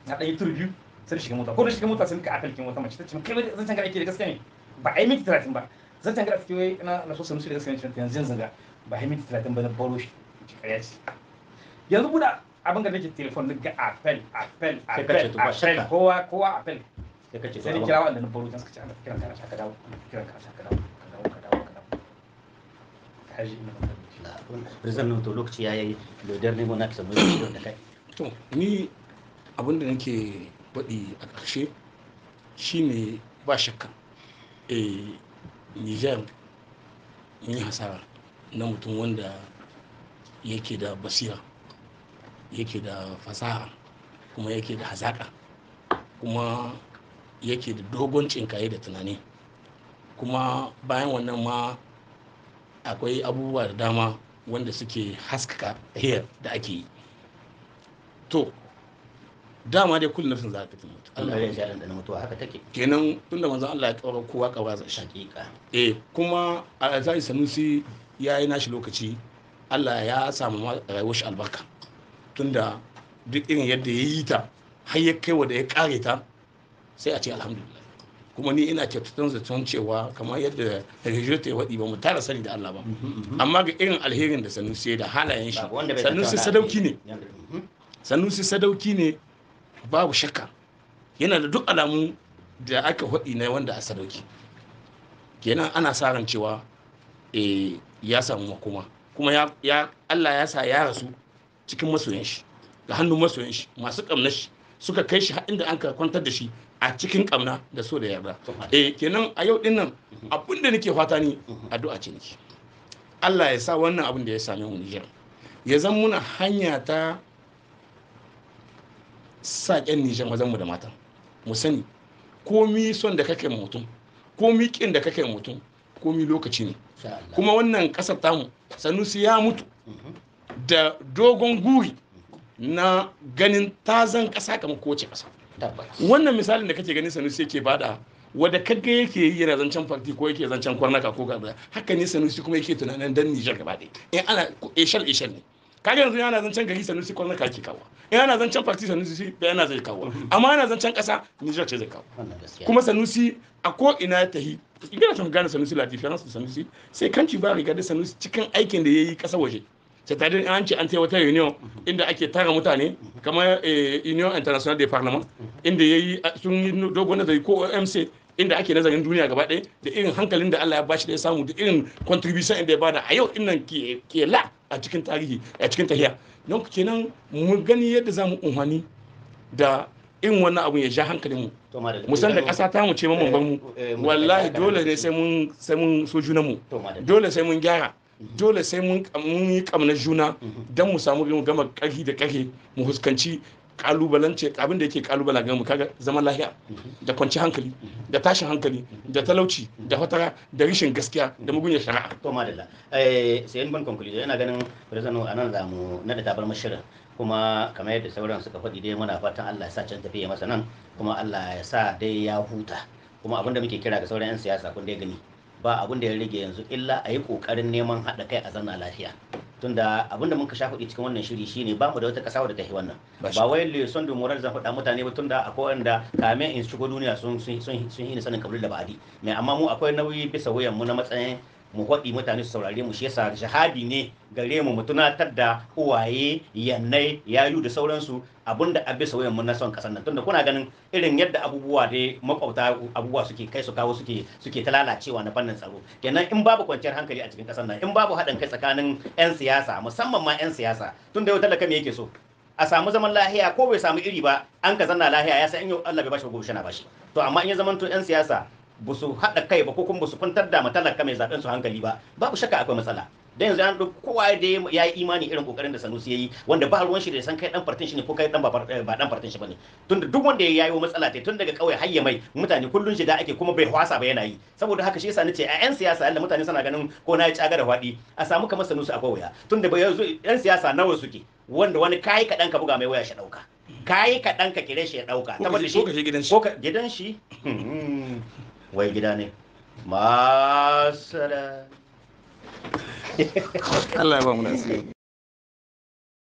na ɗan yi turbiyu sai shiga mota ko da shiga mota sai ka akalkin wata mace ta ce kai zan canka aiki da gaskiya ne ba a yi miki talatin ba zan canka aiki wai na na so sanusi da gaskiya ne yanzu yanzu ga ba minti talatin ba na baro shi ƙarya ce yanzu guda abin da nake telefon na ga apel apel apel kowa kowa apel sai kace sai kira wanda na baro suka ce kiran kana ka dawo kiran kana ka dawo ka dawo ka dawo ka dawo kaji ina ba rizan nan to lokaci ya yi lodar nemo na kisa mai da kai to ni abin da nake faɗi a ƙarshe shine ba shakka eh Nijar yi hasara na mutum wanda yake da basira yake da fasaha kuma yake da hazaƙa kuma yake da dogon cinkaye da tunani kuma bayan wannan ma akwai abubuwa da dama wanda suke haskaka hiyar da ake yi to dama dai kullum nafsin za fitin mutu Allah ya shaɗa da mutuwa haka take kenan tunda manzon Allah ya kaura kowa ka ba za shi eh kuma a zai sanusi ya yi nashi lokaci allah ya samu rayuwar shi albarka tunda duk irin yadda ya yi ta har ya kai da ya kare ta sai a ce alhamdulillah kuma ni ina kyautatan zaton cewa kamar yadda ta ya waɗi ba mu tara sani da Allah ba amma ga irin alherin da sanusi da halayen shi sanusi sadauki ne mhm. sanusi sadauki ne babu shakka yana da duk alamu da aka waɗi na wanda a sadauki kenan ana sa ran cewa eh, ya samu makoma kuma Allah ya sa ya rasu cikin masoyan shi da hannun masoyan shi masu kamna shi suka kai shi inda an ka kwantar da shi a cikin kamna da so da yarda eh kenan a yau din nan mhm. abin da nake fata ni mhm. addu'a ce nake Allah ya sa wannan abin da ya same mu Niger ya zan muna hanya ta sa ƙyan Niger mazan mu da matan mu sani komi son da kake mutum komi kin da kake mutum komi lokaci ne kuma wannan kasar tamu sanusi ya mutu da dogon guri na ganin tazan kasa kamar kowace kasa wannan misalin da kake ganin sanusi yake bada wadda kaga yake yi yana zancen farti ko yake zancen kwarnaka ko gaza haka ne sanusi kuma yake tunanin dan nijar gaba ɗaya in eh, ne kaga yanzu yana zancen gari su kwallon kaki kawo yana zancen fakti sanusi yana zai kawo amma yana zancen kasa nijar ce zai kawo kuma sanusi a ko ina ta yi ina son gane sanusi latifiyan su sanusi sai kanci ba riga da su cikin aikin da ya yi kasa waje sai ta dai an ce an sai wata union inda ake tara mutane kamar eh, union international de parlement inda yi sun yi dogon nazari ko OMC inda ake nazarin duniya gaba ɗaya da irin hankalin da Allah ya bashi da ya samu da irin contribution inda ya bada a yau innan ke la a cikin tarihi a cikin tahiya don kenan mu gani yadda za mu umarni da in wannan abun ya sha hankalin mu san da ƙasa ta mu ce mun mu eh, eh, wallahi dole ne sai mun sai mun mu dole sai mun gyara mhm. dole sai mun yi kamnar juna mhm. don mu samu gama ƙarfi da ƙarfi mu huskanci kalubalance abin da yake kalubala ga mu kaga zaman lahiya mhm. da kwanci hankali da tashin hankali da talauci da fatara da rishin gaskiya da mugunyar shari'a to madalla eh sai in ban conclusion yana ganin president anan za mu nada tabar mashirin kuma kamar yadda sauran suka faɗi dai muna fatan Allah ya sa can tafiya masa nan kuma Allah ya sa dai ya huta kuma abin da muke kira ga sauran 'yan siyasa kun dai gani ba abin da ya rage yanzu illa a yi ƙoƙarin neman haɗa kai a zanna lafiya tunda da muka sha kuɗi cikin wannan shiri shine ba mu da wata ƙasa da ta yi wannan ba wai leson da moral zan faɗa mutane ba tunda akwai wanda kame in shigo duniya sun sun sun yi sanin kabilu da ba'adi mai amma mu akwai nauyi bisa wuyan mu na matsayin mu faɗi mutane su saurare mu shi yasa jihadi ne gare mu mu tunatar da uwaye yannai yayu da sauransu abinda abin sauyan mun na son kasan nan tunda kuna ganin irin yadda abubuwa dai makwabta abubuwa suke kai su kawo suke suke ta lalacewa na fannin tsaro kenan in babu kwanciyar hankali a cikin kasan nan in babu haɗin kai tsakanin 'yan siyasa musamman ma 'yan siyasa tunda yau talaka me yake so a samu zaman lahiya ko bai samu iri ba an ka zanna lahiya ya san in yau Allah bai bashi gobe shana bashi to amma in ya zamanto 'yan siyasa ba su haɗa kai ba ko kuma ba su kwantar da kai mai zaɓen su hankali ba babu shakka akwai matsala da yanzu an kowa da ya yi imani irin kokarin da Sanusi yayi wanda ba ruwan shi da san kai dan fartin shi ne ko kai dan ba dan eh, fartin shi bane tunda duk wanda ya yi matsala tai tun daga kauye hayya mai mutane kullun shi da ake kuma bai hwasa ba yana yi saboda haka shi yasa nace a yan siyasa Allah mutane suna ganin ko na ya ci da hwadi a samu kamar Sanusi a waya tunda ba yanzu yan siyasa nawa suke wanda wani kai kadan ka buga mai waya shi dauka kai kadan ka kire shi ya dauka saboda shi gidan shi wai gida ne masala Allah ya ba mu nasiru